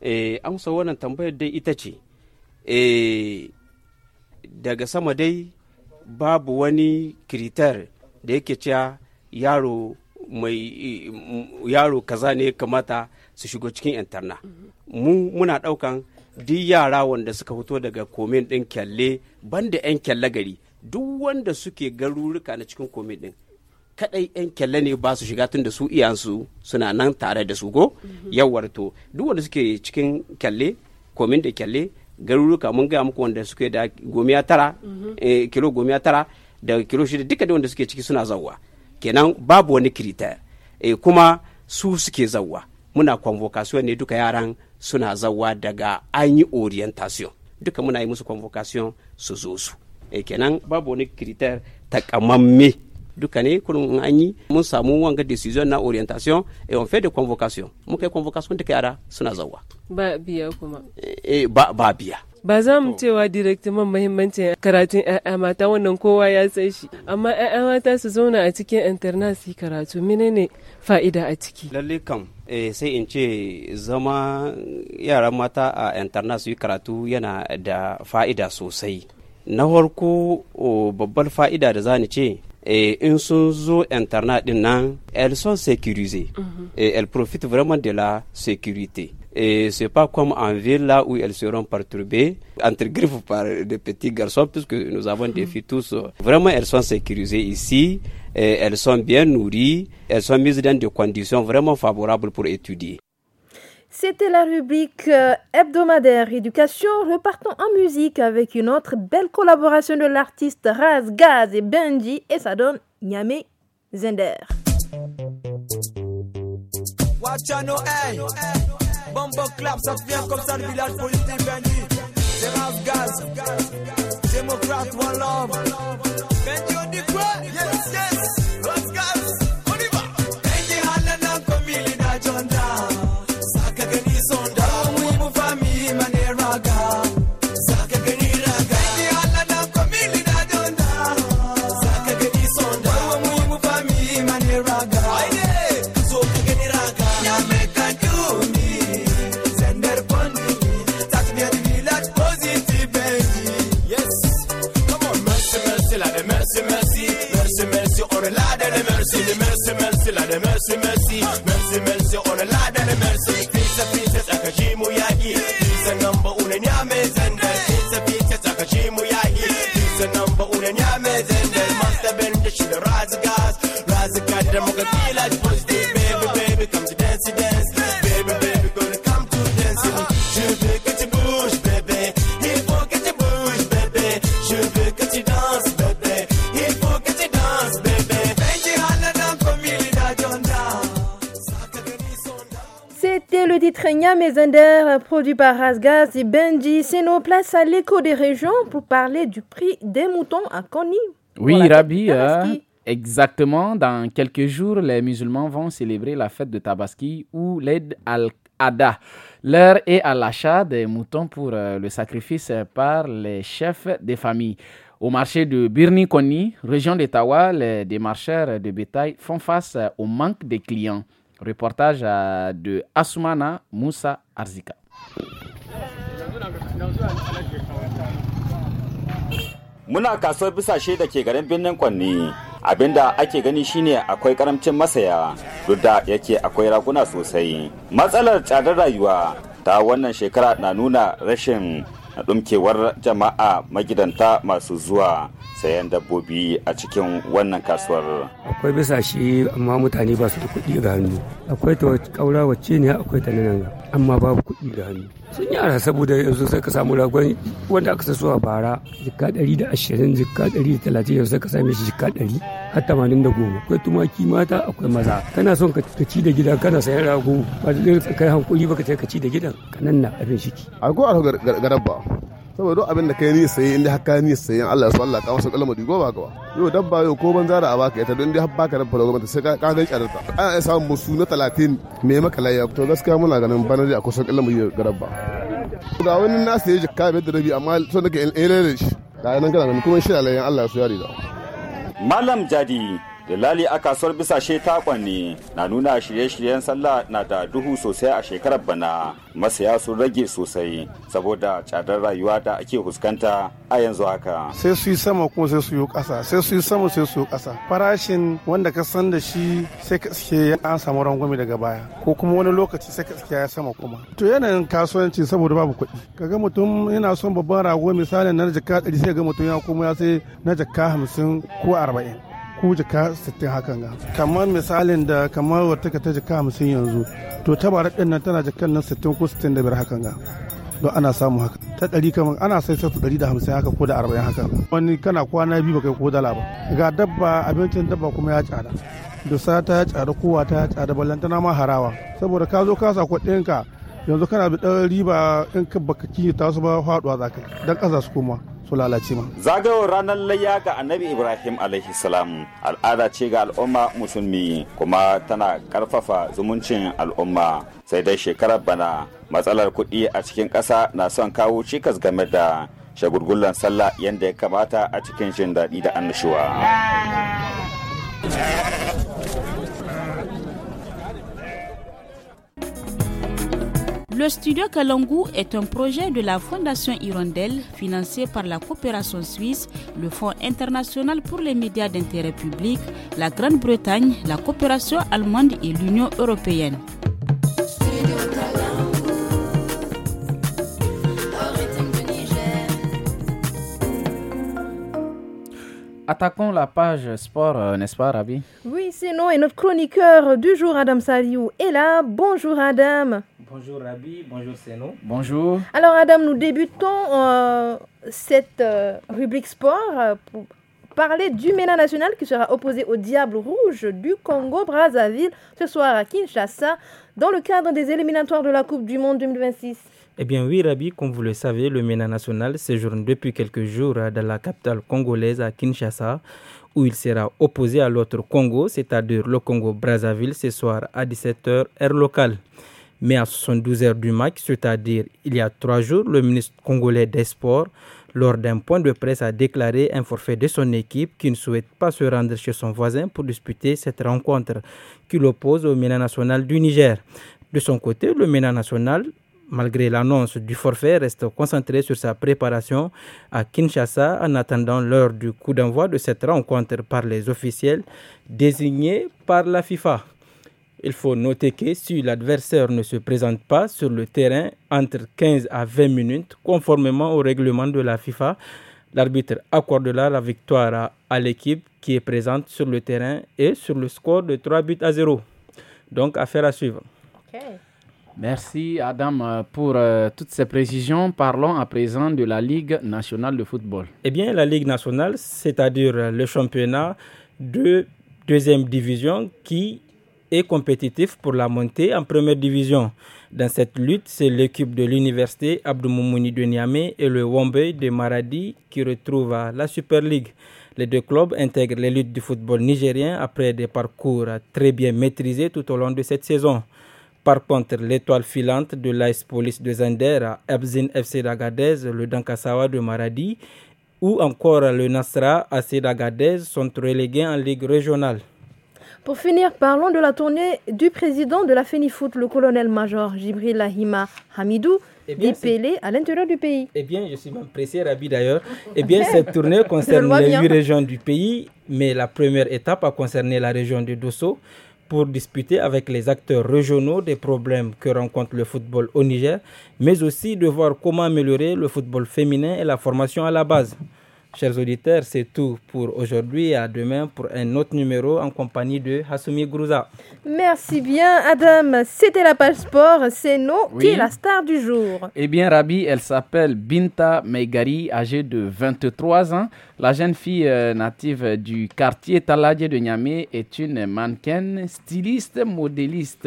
eh amsa wannan tambayar dai ita ce eh daga sama dai babu wani kiritar da yake cewa yaro mai eh, yaro kaza ne kamata su shigo cikin interna mu muna daukan duk yara wanda suka fito daga komin ɗin kyalle banda 'yan kyalle gari duk wanda suke garuruka na cikin komin din kadai 'yan kyalle ne ba su shiga tun da su iyansu suna nan tare da su go mhm. to duk wanda suke cikin kyalle komin da kyalle garuruka mun ga muku wanda suke da gomiya tara mhm. eh, kilo gomiya tara da kilo shida duka da wanda suke ciki suna zawwa kenan babu wani kirita eh, kuma su suke zawwa muna convocation ne duka yaran suna zawa daga an yi orientation duka muna yi musu convocation su zo su e kenan babu wani kriter takamamme duka ne kurin an yi mun samu wanga decision na orientation et on fait de convocation mun kai convocation duka yara suna zawa ba biya kuma e, ba, ba biya ba za mu cewa direktiman mahimmancin karatun ƴaƴa mata wannan kowa ya san shi amma ƴaƴa mata su zauna a cikin internet su karatu menene fa'ida a ciki lalle kam Eh, sai in ce zama yaran mata a internet su yi karatu yana da fa'ida sosai na farko babbar fa'ida da zani ce eh, in sun zo internet din nan elles sont sécurisées mhm. et eh, elles profitent vraiment de la sécurité Et c'est pas comme en ville là où elles seront perturbées, entre griffes par des petits garçons, puisque nous avons des mhm. filles tous. Euh, vraiment, elles sont sécurisées ici elles sont bien nourries, elles sont mises dans des conditions vraiment favorables pour étudier. C'était la rubrique euh, hebdomadaire éducation. Repartons en musique avec une autre belle collaboration de l'artiste Raz Gaz et Benji et ça donne Nyame Zender. comme ça le village politique Yes, yes, let's go. merci, merci, merci, merci, on est là. Mezender, produit par Rasgas et Benji. C'est nos places à l'écho des régions pour parler du prix des moutons à Kony. Oui, Rabi, exactement. Dans quelques jours, les musulmans vont célébrer la fête de Tabaski ou l'aide al adha L'heure est à l'achat des moutons pour euh, le sacrifice par les chefs des familles. Au marché de Birni-Kony, région d'Ottawa, les démarcheurs de bétail font face euh, au manque de clients. Reportage de Asumana Moussa Arzika. Muna kasuwar bisashe da ke garin birnin Kwanni. abinda ake gani shine akwai karamcin masaya duk da yake akwai raguna sosai matsalar tsadar rayuwa ta wannan shekara na nuna rashin na ɗumkewar jama'a magidanta masu zuwa sayan dabbobi a cikin wannan kasuwar. Akwai bisa shi amma mutane ba su da kuɗi ga hannu. Akwai ta ƙaura ne akwai ta nan amma babu kuɗi ga hannu. sun yara saboda yanzu sai ka samu ragon wanda aka sasu a bara jikka 120 jikka 130 yanzu sai ka same shi jikka 100 har 80 akwai tumaki mata akwai maza kana son ka ci da gidan kana sayan rago ba da kai hankuli ba ka ce ka ci da gidan kanan na abin shiki. ko a garabba saboda abin da kai ni sai inda haka ka ni saye Allah ya Allah ka masa kalma digo ba gawa yo dabba yo ko ban zara a baka ita don dai har da rabba gwamnati sai ka ga kyarata ana iya samun musu na 30 me maka layya to gaskiya muna ganin bana da akwai kalma ga garabba ga wani nasu ya jikka bai da rabi amma to nake in ere da shi ga nan kana kuma shi Allah ya so yari da malam jadi Dalali a kasuwar bisa ta na nuna shirye-shiryen sallah na da duhu sosai a shekarar bana. Masaya sun rage sosai saboda tsadar rayuwa da ake fuskanta a yanzu haka. Sai su yi sama kuma sai su yi ƙasa, sai su yi sama sai su yi ƙasa. Farashin wanda ka san da shi sai ka iske an samu rangwame daga baya ko kuma wani lokaci sai ka iske ya sama kuma. To yanayin kasuwanci saboda babu kuɗi. Kaga mutum yana son babban rago misali na jaka ɗari sai ga mutum ya kuma ya sai na jaka hamsin ko arba'in. Ku jaka 60 hakan ga kamar misalin da kamar wata ka ta jaka 50 yanzu to tabarar din nan tana jakan nan 60 ko 65 hakan ga don ana samu haka ta ɗari kamar ana sai sai ɗari da hamsin haka ko da arba'in haka wani kana kwana biyu baka ko dala ba ga dabba abincin dabba kuma ya tsada dusa ta ya tsada kowa ta ya tsada ballantana ma harawa saboda ka zo ka sa kuɗinka yanzu kana da riba in ka baka kiyi ta su ba faɗuwa za dan ƙasa su koma ku lalace ma zagayowar ranar layya ga annabi ibrahim alaihi salam al'ada ce ga al'umma musulmi kuma tana karfafa zumuncin al'umma sai dai shekarar bana matsalar kuɗi a cikin ƙasa na son kawo cikas game da shagulgullan sallah yadda ya kamata a cikin jin daɗi da annashuwa. Le studio Kalangu est un projet de la Fondation Hirondelle financé par la coopération suisse, le Fonds international pour les médias d'intérêt public, la Grande-Bretagne, la coopération allemande et l'Union européenne. Attaquons la page sport, euh, n'est-ce pas, Rabi Oui, c'est nous et notre chroniqueur du jour, Adam Sariou, est là. Bonjour, Adam. Bonjour Rabi, bonjour Seno. Bonjour. Alors Adam, nous débutons euh, cette euh, rubrique sport euh, pour parler du MENA national qui sera opposé au Diable Rouge du Congo-Brazzaville ce soir à Kinshasa dans le cadre des éliminatoires de la Coupe du Monde 2026. Eh bien oui, Rabi, comme vous le savez, le MENA national séjourne depuis quelques jours dans la capitale congolaise à Kinshasa, où il sera opposé à l'autre Congo, c'est-à-dire le Congo-Brazzaville, ce soir à 17h, heure locale. Mais à 72 heures du match, c'est-à-dire il y a trois jours, le ministre congolais des Sports, lors d'un point de presse, a déclaré un forfait de son équipe qui ne souhaite pas se rendre chez son voisin pour disputer cette rencontre qui l'oppose au Ménat national du Niger. De son côté, le Ménat national malgré l'annonce du forfait, reste concentré sur sa préparation à Kinshasa en attendant l'heure du coup d'envoi de cette rencontre par les officiels désignés par la FIFA. Il faut noter que si l'adversaire ne se présente pas sur le terrain entre 15 à 20 minutes, conformément au règlement de la FIFA, l'arbitre accordera la victoire à, l'équipe qui est présente sur le terrain et sur le score de 3 buts à 0. Donc, affaire à suivre. Merci Adam pour euh, toutes ces précisions. Parlons à présent de la Ligue nationale de football. Eh bien, la Ligue nationale, c'est-à-dire le championnat de deuxième division qui et compétitif pour la montée en première division. Dans cette lutte, c'est l'équipe de l'université Abdou Moumouni de Niamey et le Wombe de Maradi qui retrouvent la Super League. Les deux clubs intègrent les luttes du football nigérien après des parcours très bien maîtrisés tout au long de cette saison. Par contre, l'étoile filante de l'Ice Police de Zender, Abzin FC d'Agadez, le Dankasawa de Maradi ou encore le Nasra AC d'Agadez sont relégués en Ligue régionale. Pour finir, parlons de la tournée du président de la FENIFOOT, le colonel-major Jibril Lahima Hamidou, eh à l'intérieur du pays. Eh bien, je suis même pressé, ravi d'ailleurs. Eh bien, cette tournée concerne les huit régions du pays, mais la première étape a concerné la région de Dosso pour discuter avec les acteurs régionaux des problèmes que rencontre le football au Niger, mais aussi de voir comment améliorer le football féminin et la formation à la base. Chers auditeurs, c'est tout pour aujourd'hui. À demain pour un autre numéro en compagnie de Hasumi Grouza. Merci bien, Adam. C'était la page sport, C'est nous qui est la star du jour. Eh bien, Rabi, elle s'appelle Binta Meigari, âgée de 23 ans. La jeune fille euh, native du quartier Taladier de Niamey est une mannequin, styliste, modéliste.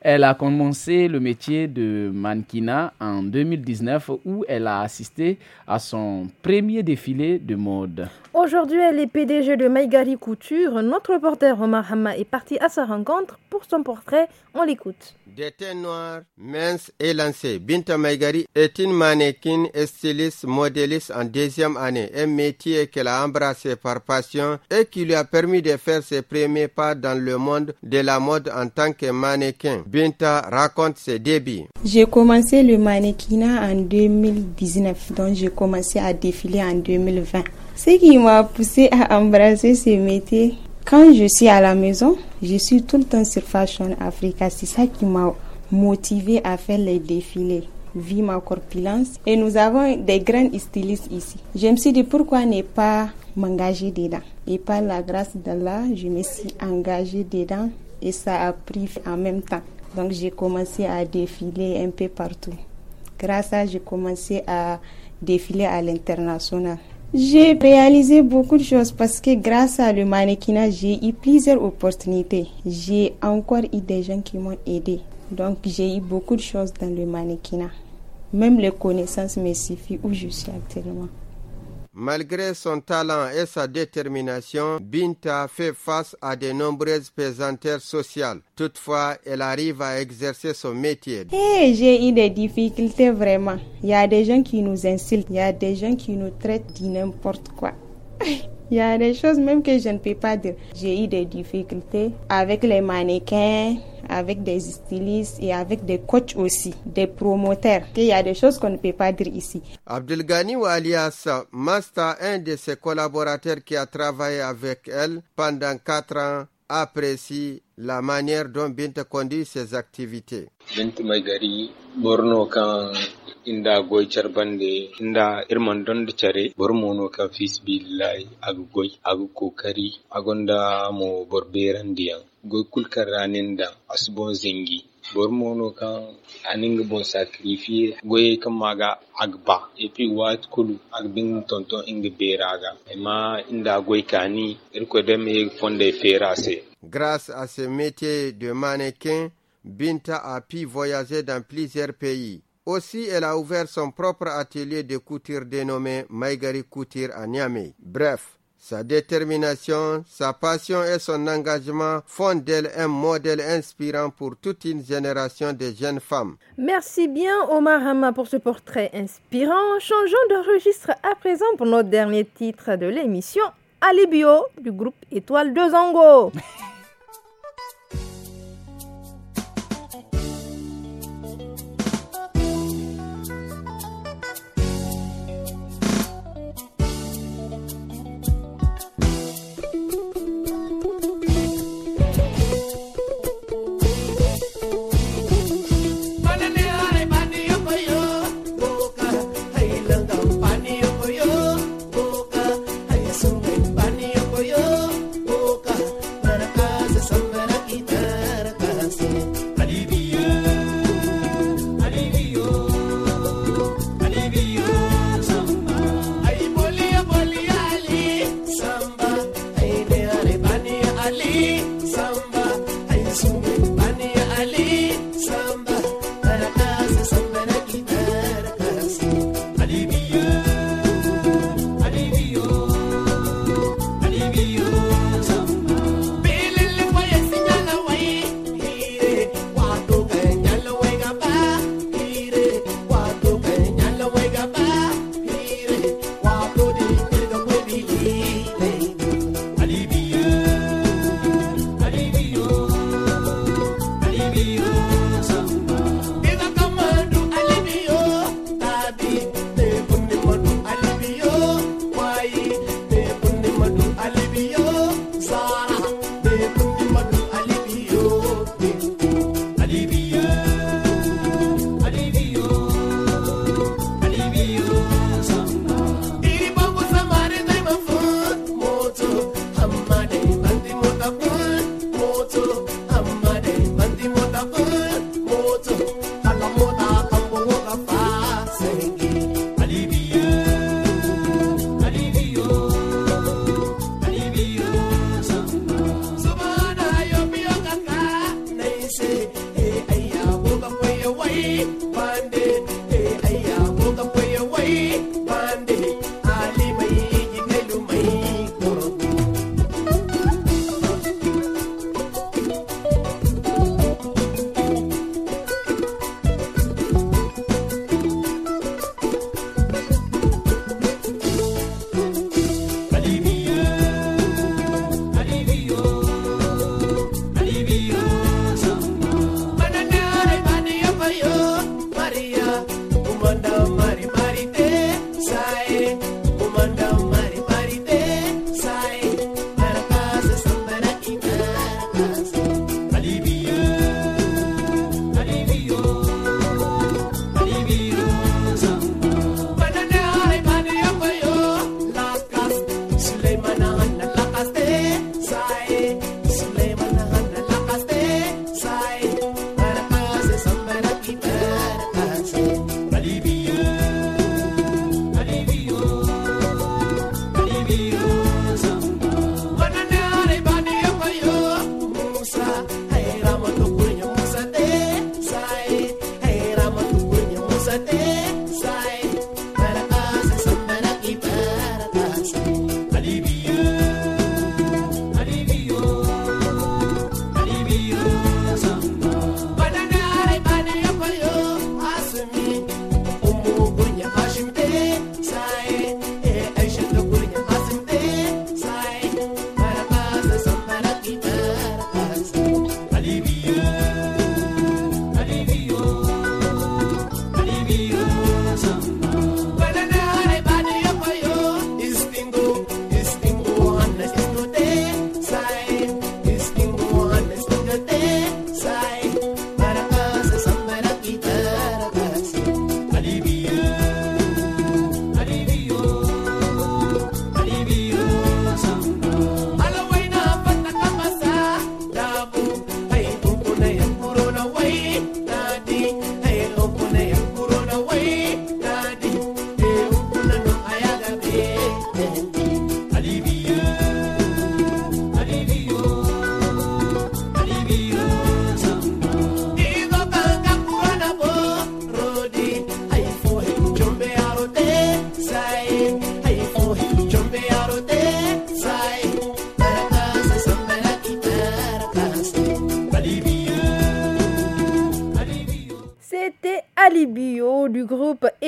Elle a commencé le métier de mannequinat en 2019 où elle a assisté à son premier défilé de mode. Aujourd'hui, elle est PDG de Maigari Couture. Notre reporter Omar Hamma est parti à sa rencontre. Pour son portrait, on l'écoute. Des teintes noires, minces et lancées, Binta Maigari est une mannequin et styliste modéliste en deuxième année, un métier qu'elle a embrassé par passion et qui lui a permis de faire ses premiers pas dans le monde de la mode en tant que mannequin raconte ses débuts. J'ai commencé le mannequinat en 2019, donc j'ai commencé à défiler en 2020. Ce qui m'a poussé à embrasser ce métier, quand je suis à la maison, je suis tout le temps sur Fashion Africa. C'est ça qui m'a motivé à faire les défilés vie ma corpulence. Et nous avons des grands stylistes ici. Je me suis dit pourquoi ne pas m'engager dedans. Et par la grâce de d'Allah, je me suis engagée dedans et ça a pris en même temps. Donc j'ai commencé à défiler un peu partout. Grâce à ça, j'ai commencé à défiler à l'international. J'ai réalisé beaucoup de choses parce que grâce à le mannequinat, j'ai eu plusieurs opportunités. J'ai encore eu des gens qui m'ont aidé. Donc j'ai eu beaucoup de choses dans le mannequinat. Même les connaissances me suffisent où je suis actuellement. Malgré son talent et sa détermination, Binta fait face à de nombreuses pesanteurs sociales. Toutefois, elle arrive à exercer son métier. Eh, j'ai eu des difficultés vraiment. Il y a des gens qui nous insultent, il y a des gens qui nous traitent de n'importe quoi. Il y a des choses même que je ne peux pas dire. J'ai eu des difficultés avec les mannequins, avec des stylistes et avec des coachs aussi, des promoteurs. Il y a des choses qu'on ne peut pas dire ici. Abdelgani alias Masta, un de ses collaborateurs qui a travaillé avec elle pendant quatre ans, apprécie la manière dont Binta conduit ses activités. Binta Magari, Borno kan inda goy charbande inda irman don da care Borno no kan fisbillahi aga goy aga kokari agonda mo borberan diyan goy kulkan da asbon zingi Bormono kan aning bon sacrifier goye kan maga agba et puis wat kulu agbin tonton inga ema inda goy kani irko dem e fonde ferase grâce à ce métier de mannequin Binta a pu voyager dans plusieurs pays. Aussi, elle a ouvert son propre atelier de couture dénommé Maigari Couture à Niamey. Bref, sa détermination, sa passion et son engagement font d'elle un modèle inspirant pour toute une génération de jeunes femmes. Merci bien Omar Hama pour ce portrait inspirant. Changeons de registre à présent pour notre dernier titre de l'émission, Alibio du groupe Étoile de Zango.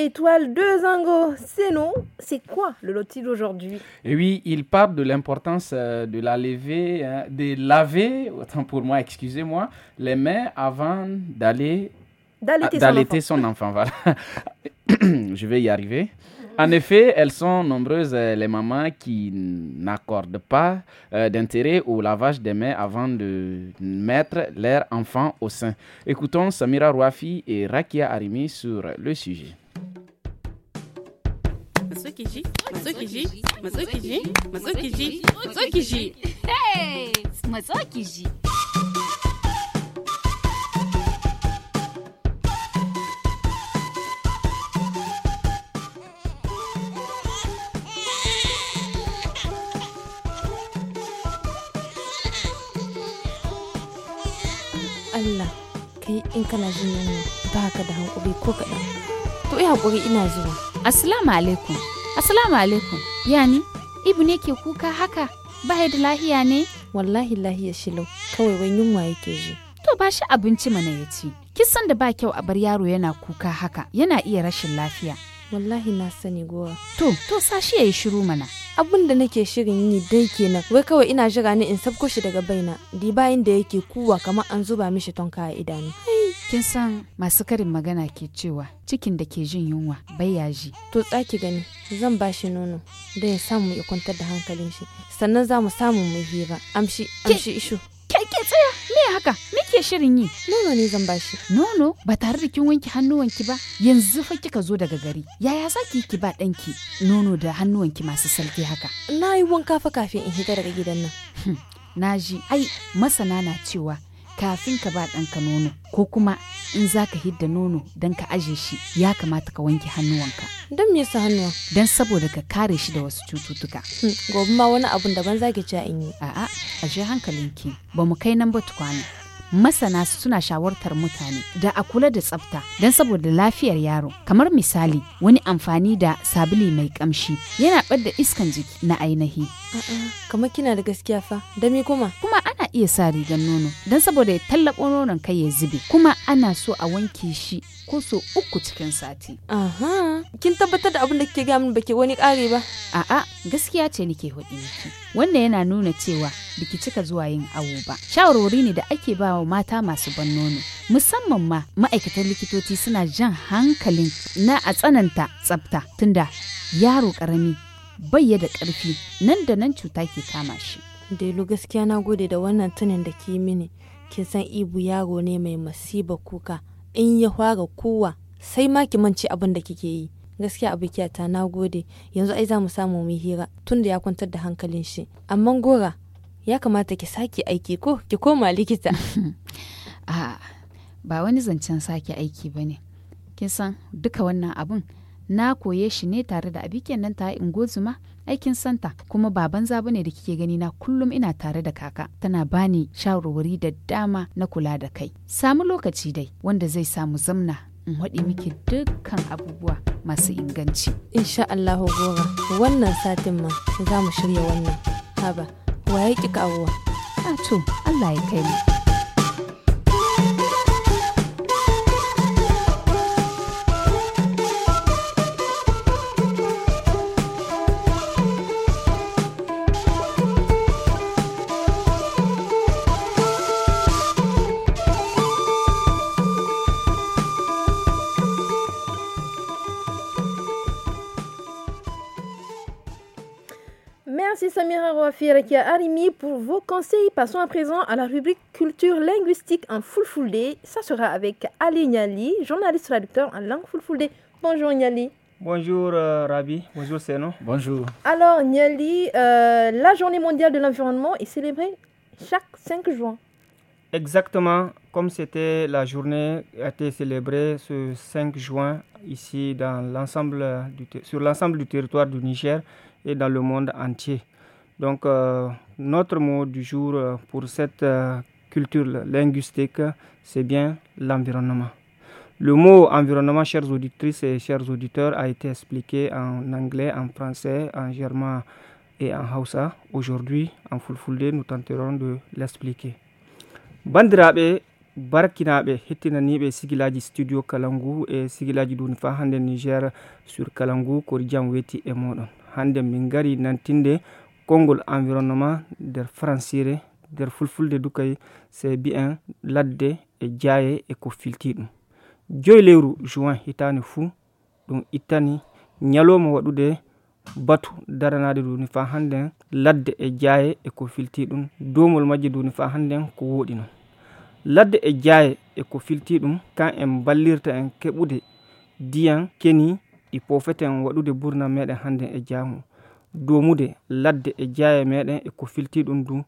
étoile de Zango, C'est non, c'est quoi le lotil aujourd'hui Et eh oui, il parle de l'importance euh, de la hein, de laver, autant pour moi, excusez-moi, les mains avant d'aller d'allaiter son, enfant. Voilà. Je vais y arriver. En effet, elles sont nombreuses euh, les mamans qui n'accordent pas euh, d'intérêt au lavage des mains avant de mettre leur enfant au sein. Écoutons Samira Rouafi et Rakia Arimi sur le sujet. matsukiji matsukiji matsukiji matsukiji matsukiji hey matsukiji Allah kai in kana jin nan ba ka da hankali ko kaɗan ku hakuri ina zuwa. Assalamu alaikum. Assalamu alaikum. Yani, Ibu ne ke kuka haka? Ba da lahiya ne? Wallahi lahiya shilau, kawai wani yunwa yake ji. To ba shi abinci mana ya ci. Kisan da ba kyau a bar yaro yana kuka haka, yana iya rashin lafiya. Wallahi na sani gowa. To, to sa shi ya yi shiru mana. abin da nake shirin yi dai kenan wai kawai ina jira ni in sabko shi daga baina di bayan da yake kuwa kamar an zuba mishi tonka a idanu kin san masu karin magana ke cewa cikin da ke jin yunwa bai yaji to tsaki gani zan ba shi nono da ya samu ya kwantar da hankalin shi sannan za mu samu mu hira amshi amshi ishu kai ke tsaya me haka kike shirin yi? Nono ne zan bashi. Nono ba tare da kin wanke hannuwanki ba yanzu fa kika zo daga gari. Yaya za ki ki ba ɗanki nono da hannuwanki masu salki haka? Na yi wanka fa kafin in hita daga gidan nan. Hmm, na ji ai masana na cewa kafin ka ba ɗanka nono ko kuma in za ka hidda nono don ka aje shi ya kamata ka wanke hannuwanka. Don me su hannuwa? Don saboda ka kare shi da wasu cututtuka. Hmm, gobe ma wani abun daban zaki ci a a'a a aje hankalinki ba mu kai nan ba tukwana. masana suna shawartar mutane da a kula da tsafta don saboda lafiyar yaro kamar misali wani amfani da sabili mai kamshi yana ɓadda iskan jiki na ainihi kamar kina da gaskiya fa da me kuma kuma ana iya sa rigar nono don saboda ya tallaɓo nonon kai ya zube kuma ana so a wanke shi ko so uku cikin sati aha kin tabbatar da abin da kike gaya min baki wani ƙare ba a'a gaskiya ce nake hudi wannan yana nuna cewa biki cika zuwa yin awo ba shawarwari ne da ake ba wa mata masu ban nono musamman ma ma'aikatan likitoci suna jan hankalin na a tsananta tsabta tunda yaro karami bayya da karfi nan da nan cuta ke kama shi delu gaskiya na gode da wannan tunin da ke mini kin san ibu yaro ne mai masiba kuka in ya fara kowa sai ma ki mance abin da kike yi gaskiya ta na gode yanzu ai za mu samu mu hira tunda ya kwantar da hankalin shi amma gora ya kamata ki sake aiki ko ki koma likita a ba wani zancen sake aiki ba ne kin san duka wannan abun na koye shi ne tare da abiken nan ta ingozuma aikin santa kuma ba banza bane da kike gani na kullum ina tare da kaka tana bani shawarwari da dama na kula da kai samu lokaci dai wanda zai samu zamna in haɗe miki dukkan abubuwa masu inganci insha Allahu gora wannan satin ma za mu shirya wannan haba waye ki kawowa a ah, to Allah ya kai mu Firakia Arimi pour vos conseils. Passons à présent à la rubrique culture linguistique en Fulfulde. Ça sera avec Ali Niali, journaliste traducteur en langue Fulfulde. Bonjour Niali. Bonjour euh, Rabi, bonjour Seno. Bonjour. Alors Niali, euh, la journée mondiale de l'environnement est célébrée chaque 5 juin. Exactement, comme c'était la journée a été célébrée ce 5 juin ici dans l'ensemble sur l'ensemble du territoire du Niger et dans le monde entier. Donc, euh, notre mot du jour euh, pour cette euh, culture linguistique, c'est bien l'environnement. Le mot environnement, chères auditrices et chers auditeurs, a été expliqué en anglais, en français, en germain et en hausa. Aujourd'hui, en fulfulde, nous tenterons de l'expliquer. Bandrabe barkinaɓe Hittinanibe, sigilaji studio kalangu et sigilaji Dunfa, hande niger sur kalangu Koridjan Weti et e hande Mingari, nantinde konngol environnement nder francire nder fulfulde dukay c'est bien ladde e jaaye e ko filti ɗum joyi lewru juin hitaani fuu ɗum ittani ñalowma waɗude batu daranaade duni faa hannden ladde e jaaye e ko filti ɗum domol majje duni faa hannden ko wooɗi non ladde e jaaye e ko filti ɗum kan en ballirta en keɓude diyan keni ɗi e pofeten waɗude burna meɗen hannden e jaamu domude ladde e jaya meɗen eko filti ɗum du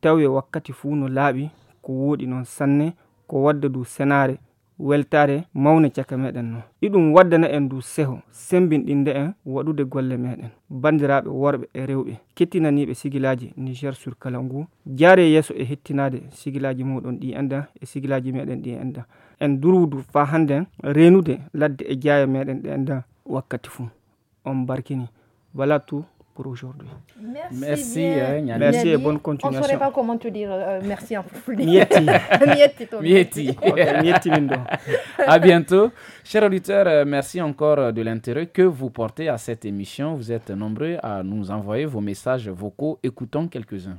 tawi wakkati fuu no laaɓi ko woɗi noon sanne ko wadda du senare weltare mawne caka meɗen no iɗum waddana en du seho sembinɗinde en waɗude golle meɗen bandiraɓe worɓe e rewɓe kettinaniɓe sigilaji niger sur kala ngu jaare yeeso e hettinade sigilaji muɗon ɗi enda e sigilaji meɗen ɗi enda en durwudu fa hannden renude ladde e jaya meɗen ɗe enda wakkati fuu on barkini wala tout pour aujourd'hui. Merci. Merci, bien. Euh, merci et bonne continuation. On ne saurait pas comment te dire euh, merci en foulée. Mieti. Mieti. Mieti. Mieti À bientôt. Chers auditeurs, euh, merci encore de l'intérêt que vous portez à cette émission. Vous êtes nombreux à nous envoyer vos messages vocaux. Écoutons quelques-uns.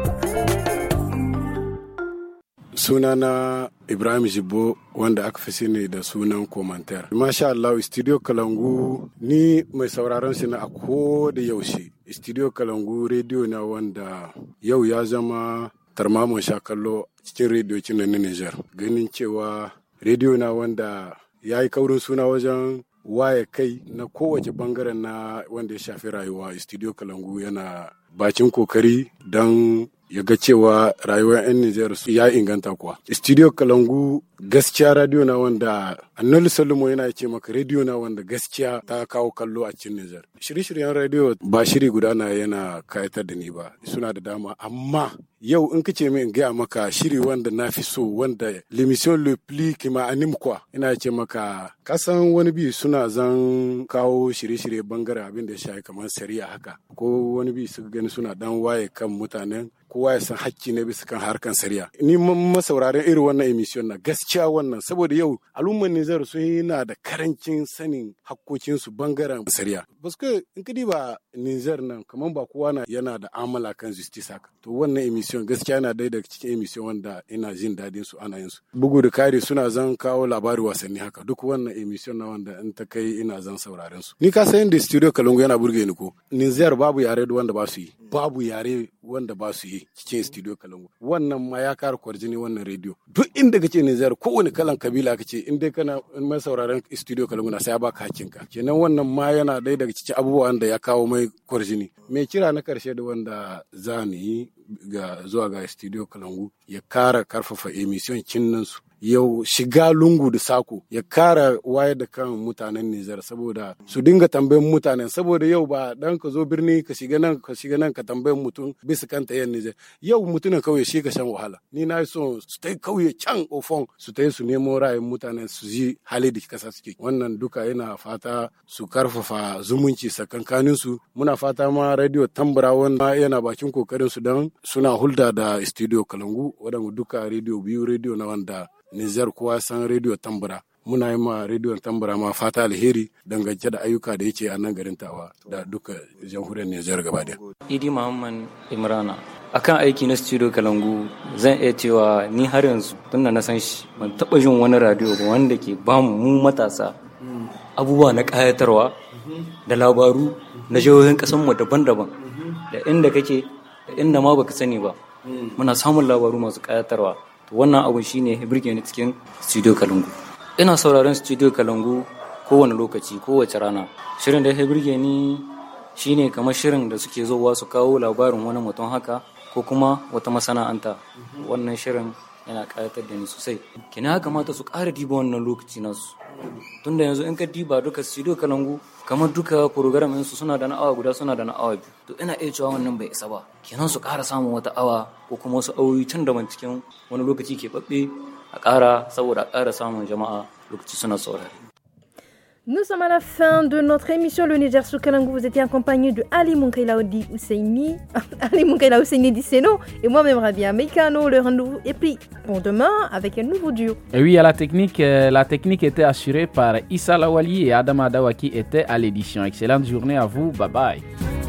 sunana ibrahim jibbo wanda aka fi sani da sunan komantar masha allah studio kalangu ni mai sauraron shi na a da yaushe studio kalangu rediyo na wanda yau ya zama sha kallo cikin rediyo cinan na niger ganin cewa rediyo na wanda ya yi kaurin suna wajen waye kai na kowace bangaren na wanda ya shafi rayuwa studio kalangu yana bakin kokari don ya ga cewa rayuwar 'yan Nijar su ya inganta kuwa. Studio Kalangu gaskiya radio na wanda Annalu Salomo yana ce maka radio na wanda gaskiya ta kawo kallo a cikin Nijar. Shirye-shiryen radio ba shiri guda na yana kayatar da ni ba suna da dama amma yau in kace min gaya maka shiri wanda na fi so wanda l'émission le plus qui m'anime quoi ina ce maka kasan wani bi suna zan kawo shirye-shirye bangare abin da ya shafi kamar sariya haka ko wani bi su gani suna dan waye kan mutanen kowa ya san hakki ne bisa kan harkan sariya ni masauraren irin wannan emission na gaskiya wannan saboda yau al'ummar Nijar sun na da karancin sanin hakkokinsu bangaren sariya baske in kadi ba Nijar nan kamar ba kowa na yana da amala kan justice haka to wannan emission gaskiya yana dai daga cikin emission wanda ina jin dadin su ana yin su bugu da kare suna zan kawo labari wasanni haka duk wannan emission na wanda in ta kai ina zan sauraren su ni ka san da studio Kalungu yana burge ni ko Nijar babu yare wanda ba su yi babu yare wanda ba su yi cikin studio kalangu wannan ma ya kara kwarjini wannan rediyo duk inda kace ko kowane kalan kabila kace in dai kana mai sauraron studio kalangu na sai ya baka ka kenan wannan ma yana dai daga cikin abubuwan da ya kawo mai kwarjini me kira na karshe da wanda za mu ga zuwa ga studio kalangu ya kara karfafa emission kinnan su yau shiga lungu da sako ya kara wayar da kan mutanen Nijar saboda su dinga tambayin mutanen saboda yau ba dan ka zo birni ka shiga nan ka shiga nan ka tambayin mutum bisa kan yan Nijar yau mutumin kauye shi ka shan wahala ni na so su tai kauye can ofon su tai su nemo ra'ayin mutanen su ji hali da kasa suke wannan duka yana fata su karfafa zumunci sakankanin su muna fata ma radio tambara wannan yana bakin kokarin su dan suna hulda da studio kalangu waɗanda duka radio biyu radio na wanda nijar kowa san radio tambura muna yi ma rediyon tambara ma fata alheri dangance da ayyuka da yake a nan garin tawa da duka jamhuriyar Nijar gaba da. Idi Muhammad Imrana akan aiki na studio Kalangu zan iya cewa ni har yanzu tunda na san shi ban taba jin wani radio ba wanda ke ba mu matasa abubuwa na kayatarwa da labaru na jihohin kasan mu daban-daban da inda kake inda ma baka sani ba muna samun labaru masu kayatarwa to wannan abu shine birge ni cikin studio Kalangu ina sauraron studio Kalangu kowane lokaci kowace rana shirin da ya birge ni shine kamar shirin da suke zowa su kawo labarin wani mutum haka ko kuma wata masana'anta wannan shirin yana kayatar da ni sosai kina ya kamata su ƙara diba wannan lokaci nasu tunda yanzu in ka diba duka studio kalangu kamar duka program su suna da na awa guda suna da na awa biyu to ina iya cewa wannan bai isa ba kenan su ƙara samun wata awa ko kuma wasu awoyi can da cikin wani lokaci ke babbe a ƙara saboda a ƙara samun jama'a lokaci suna saurare Nous sommes à la fin de notre émission Le Niger sous Vous étiez en de Ali Odi Ousseini, Ali dit Ousseini Disseno et moi-même Rabia Meikano. Le rendez-vous puis pris pour demain avec un nouveau duo. Et oui, à la technique, euh, la technique était assurée par Issa Lawali et Adam Adawaki était à l'édition. Excellente journée à vous. Bye bye.